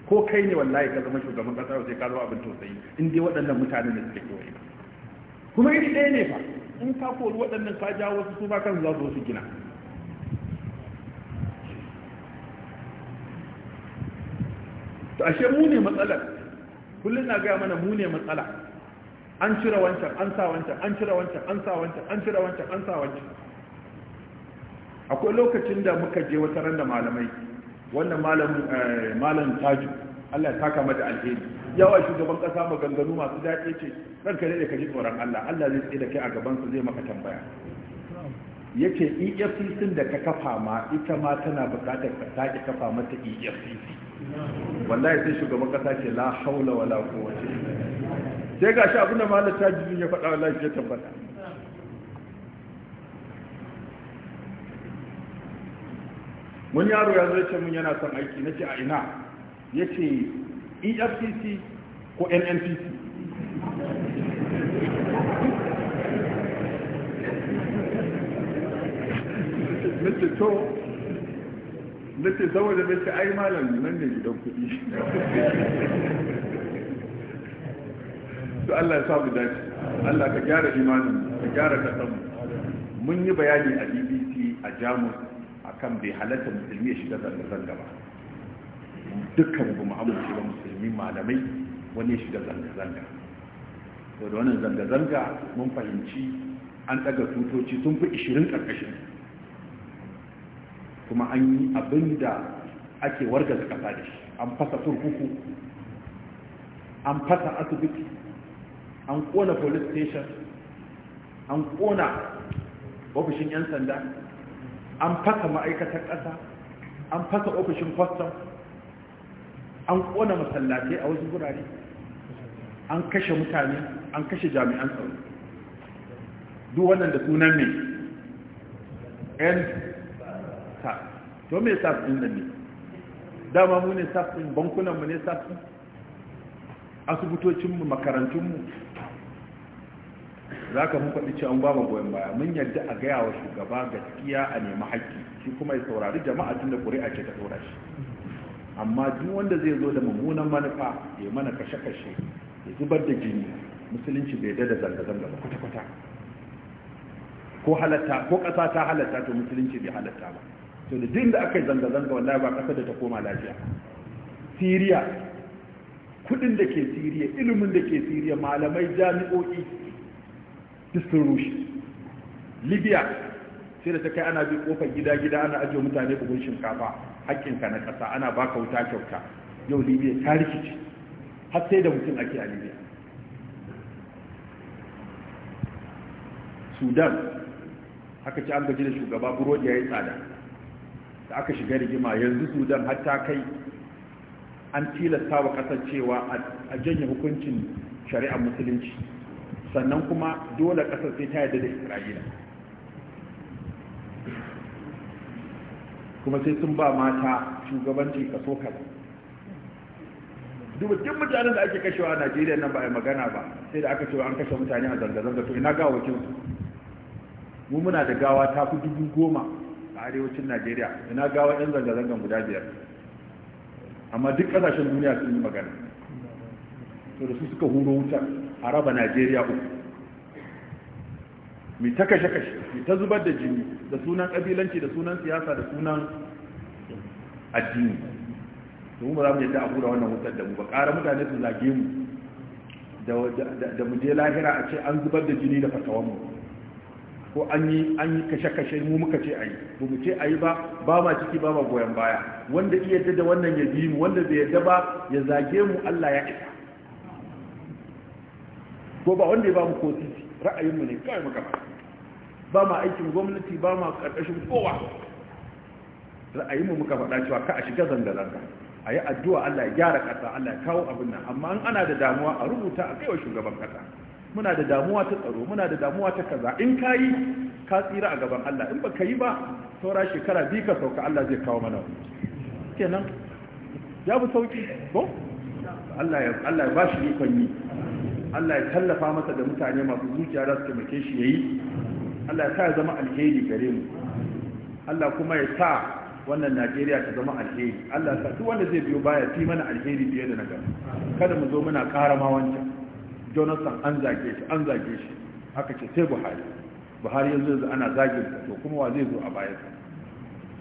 ko kai ne wallahi ka zama shugaban kasa sai ka zama abin tausayi in dai waɗannan mutanen da suke kewaye kuma iri ɗaya ne fa in ka kori waɗannan ka jawo wasu su ba kan za su gina to ashe mu ne matsalar kullum na gaya mana mu ne matsala an cire wancan an sa wancan an cire wancan an sa wancan an cire wancan an sa wancan akwai lokacin da muka je wata ran da malamai wannan eh, malam taju Allah ya taka mata alheri yawa shugaban kasa maganganu masu daɗi ce ranka ne da ka ji tsoron Allah Allah zai tsaye da kai a gabansa zai maka tambaya yace EFCC da ka kafa ma ita ma tana buƙatar ka sake kafa mata EFCC wallahi sai shugaban kasa ce la haula wala quwwata sai gashi abinda malam taju ya faɗa wallahi ya tabbata wani yaro ya zai mun yana son aiki na ce a ina ya ce efcc ko nnpc na ce to na ce saboda ai malam nan ne gidan kudi to Allah ya sa mu dace Allah ka gyara imanin ka gyara kasan mun yi bayani a BBC a Jamus Kan bai halatta musulmi ya shiga zanga-zanga ba dukkan bu mu'amurci ba musulmi malamai wani ya shiga zanga-zanga da wannan zanga-zanga mun fahimci an daga tutoci sun fi 20 karkashin kuma an yi abin da ake warga da kasa da shi an fasa turkuku an fasa asibiti an kona police station an kona ofishin 'yan sanda an fasa ma'aikatar ƙasa an fasa ofishin kwastam an ƙona masallatai a wasu gurare an kashe mutane an kashe jami'an tsaro duk wannan da sunan ne 'Yan sa, to me sas sun da ne dama mu ne sa bankunan bankunanmu ne sa ɗin asibitocinmu makarantunmu za ka mun faɗi cewa ba goyon baya mun yarda a gaya wa shugaba gaskiya a nemi haƙƙi shi kuma ya saurari jama'a tun da ƙuri'a ce ta ɗora shi amma duk wanda zai zo da mummunan manufa ya mana kashe-kashe ya zubar da jini musulunci bai da zanga-zanga ba kwata-kwata ko halatta ko ƙasa ta halatta to musulunci bai halatta ba to da duk da aka yi zanga-zanga wallahi ba ƙasa da ta koma lafiya siriya kudin da ke siriya ilimin da ke siriya malamai jami'o'i duk sun rushe libya sai da ta kai ana bi kofar gida-gida ana ajiye mutane bugun shinkafa haƙƙinka na ƙasa ana baka wuta kyauta yau libya ta rikici har sai da mutum ake a libya sudan haka ci an gaji da shugaba burodi ya yi tsada da aka shiga rigima yanzu sudan har ta kai an tilasta wa ƙasar cewa a janye hukuncin shari'ar musulunci sannan kuma dole ƙasar sai ta yarda da isra'ila kuma sai sun ba mata shugabancin kaso kaza duk duk mutanen da ake kashewa a najeriya nan ba a yi magana ba sai da aka cewa an kashe mutane a zanga-zanga to ina gawa su mu muna da gawa ta fi dubu goma a arewacin najeriya ina gawa yan zanga-zangan guda biyar amma duk ƙasashen duniya sun yi magana to da su suka huro wutar a raba najeriya uku mai ta kashe-kashe mai ta zubar da jini da sunan ƙabilanci da sunan siyasa da sunan addini domin ba za mu yadda a da wannan wutar da mu ba ƙara mutane su zage mu da mu je lahira a ce an zubar da jini da mu. ko an yi kashe-kashe mu muka ce a yi ba mu ce a yi ba ba ma ciki ba ma goyon baya wanda iya da wannan ya bi mu wanda bai yadda ba ya zage mu allah ya isa ko ba wanda ya ba mu ra'ayinmu ne kawai muka ba ba ma aikin gwamnati ba ma ƙarƙashin kowa ra'ayinmu muka faɗa cewa ka a shiga zanga-zanga a yi addu'a Allah ya gyara ƙasa Allah ya kawo abin nan amma in ana da damuwa a rubuta a kaiwa shugaban ƙasa muna da damuwa ta tsaro muna da damuwa ta kaza in ka yi ka tsira a gaban Allah in ba ka yi ba saura shekara biyu ka sauka Allah zai kawo mana kenan ya bi sauki ko Allah ya ba shi ikon yi Allah ya tallafa masa da mutane masu zuciya za su taimake shi yayi Allah ya sa ya zama alheri gare mu Allah kuma ya sa wannan Najeriya ta zama alheri Allah ya sa duk wanda zai biyo baya fi mana alheri fiye da na gaba kada mu zo muna ƙara ma wancan Jonathan an zage shi an zage shi aka ce sai Buhari Buhari yanzu yanzu ana zagin shi to kuma wa zai zo a baya sa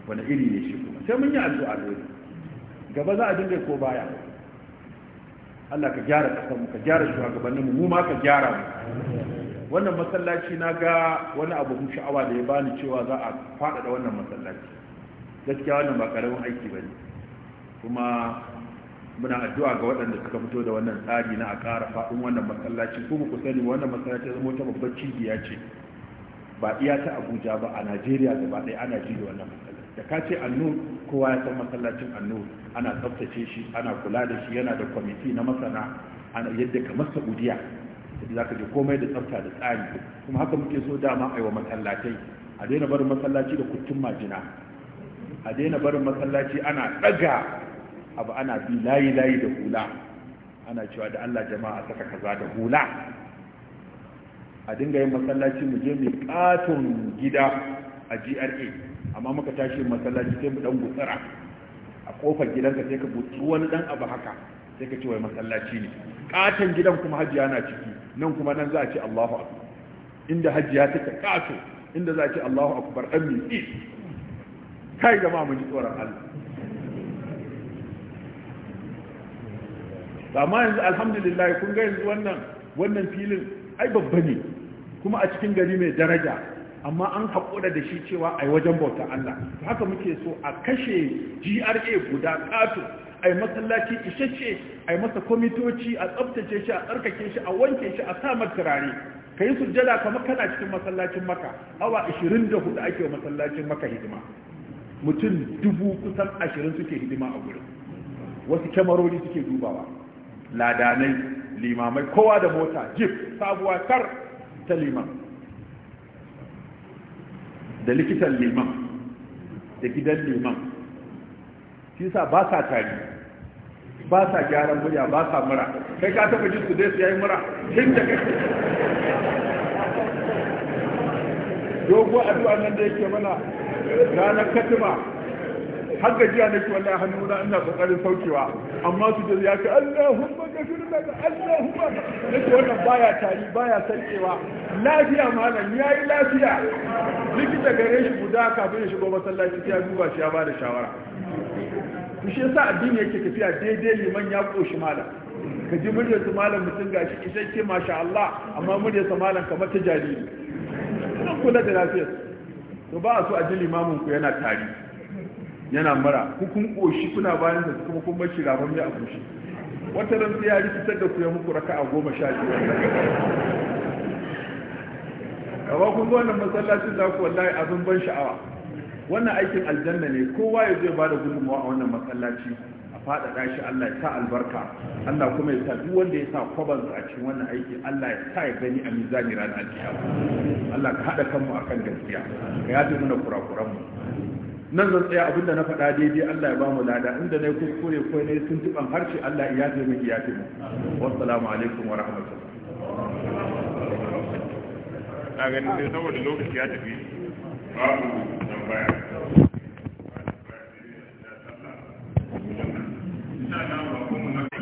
wani iri ne shi kuma sai mun yi addu'a dole gaba za a dinga ko baya Allah ka gyara mu ka gyara shugabannin mu ma ka gyara mu wannan masallaci na ga wani abu mun sha'awa da ya bani cewa za a faɗaɗa wannan masallaci gaskiya wannan ba karamin aiki ba ne kuma muna addu'a ga waɗanda suka fito da wannan tsari na a ƙara faɗin wannan masallaci ko ku sani wannan masallaci zama wata babbar cibiya ce ba iya ta abuja ba a najeriya ba ɗaya ana ji da wannan masallaci da ka ce annun kowa ya san masallacin annu ana tsaftace shi ana kula da shi yana da kwamiti na masana ana yadda kamar saudiya za ka ji komai da tsafta da tsari kuma haka muke so dama a yi wa masallatai a daina barin masallaci da kuttun majina a daina barin masallaci ana daga abu ana bi layi layi da hula ana cewa da allah jama'a saka kaza da hula a dinga yin masallaci mu je mai katon gida a gra amma muka tashi masallaci sai mu dan gutsara a kofar gidanka sai ka butsu wani dan abu haka sai ka ce wai masallaci ne katon gidan kuma hajiya na ciki nan kuma nan za a ce Allahu akbar inda hajiya take kato inda za a ce Allahu akbar dan mi kai ma mu ji tsoron Allah amma yanzu alhamdulillah kun ga yanzu wannan wannan filin ai babba ne kuma a cikin gari mai daraja amma an haƙura da shi cewa a yi wajen bauta Allah haka muke so a kashe GRA guda ƙato a yi masallaci isasshe a yi masa kwamitoci a tsabtace shi a tsarkake shi a wanke shi a samar turare ka yi sujjada kamar kana cikin masallacin maka awa 24 ake wa masallacin maka hidima mutum dubu kusan ashirin suke hidima a gurin wasu kyamarori suke dubawa ladanai limamai kowa da mota jif sabuwa kar ta liman da likitan liman da gidan liman shi sa ba sa tari ba sa gyaran murya ba sa mura kai ka taba jin su dai su yayi mura tun da kai dogo addu'a nan da yake mana ranar katima har gajiya nake wallahi hannu na ina kokarin saukewa amma su da ya ce Allahumma gafir lana Allahumma nake wannan baya tari baya sarkewa lafiya malam yayi lafiya likita gare shi guda kafin ya go masallaci ya duba shi ya bada shawara ku shi yasa addini yake tafiya daidai liman ya koshi malam ka ji muryarsa malam mutum gashi isasshe masha Allah amma muryarsa malam kamar ta jariri kun kula da lafiyar to ba a so a ji limamin ku yana tari yana mara hukun koshi kuna bayan da kuma kuma bashi rabar a koshi wata ran sai ya rikitar da ku ya muku raka'a goma sha biyar amma kun zo wannan masallacin za ku wallahi abin ban sha'awa wannan aikin aljanna ne kowa ya zai bada gudunmawa a wannan masallaci a faɗaɗa shi Allah ya sa albarka Allah kuma ya sa wanda ya sa kwabansa a cikin wannan aiki Allah ya sa ya gani a mizani ranar alkiyama Allah ka haɗa kanmu akan gaskiya ka yaje mana kurakuran mu nan zan tsaya abinda na faɗa daidai Allah ya ba mu lada inda na kuskure ko ne sun tuban harshe Allah ya yafe miki yafe mu wassalamu alaikum wa rahmatullahi a ganin sai saboda lokaci ya tafi babu tambaya baya.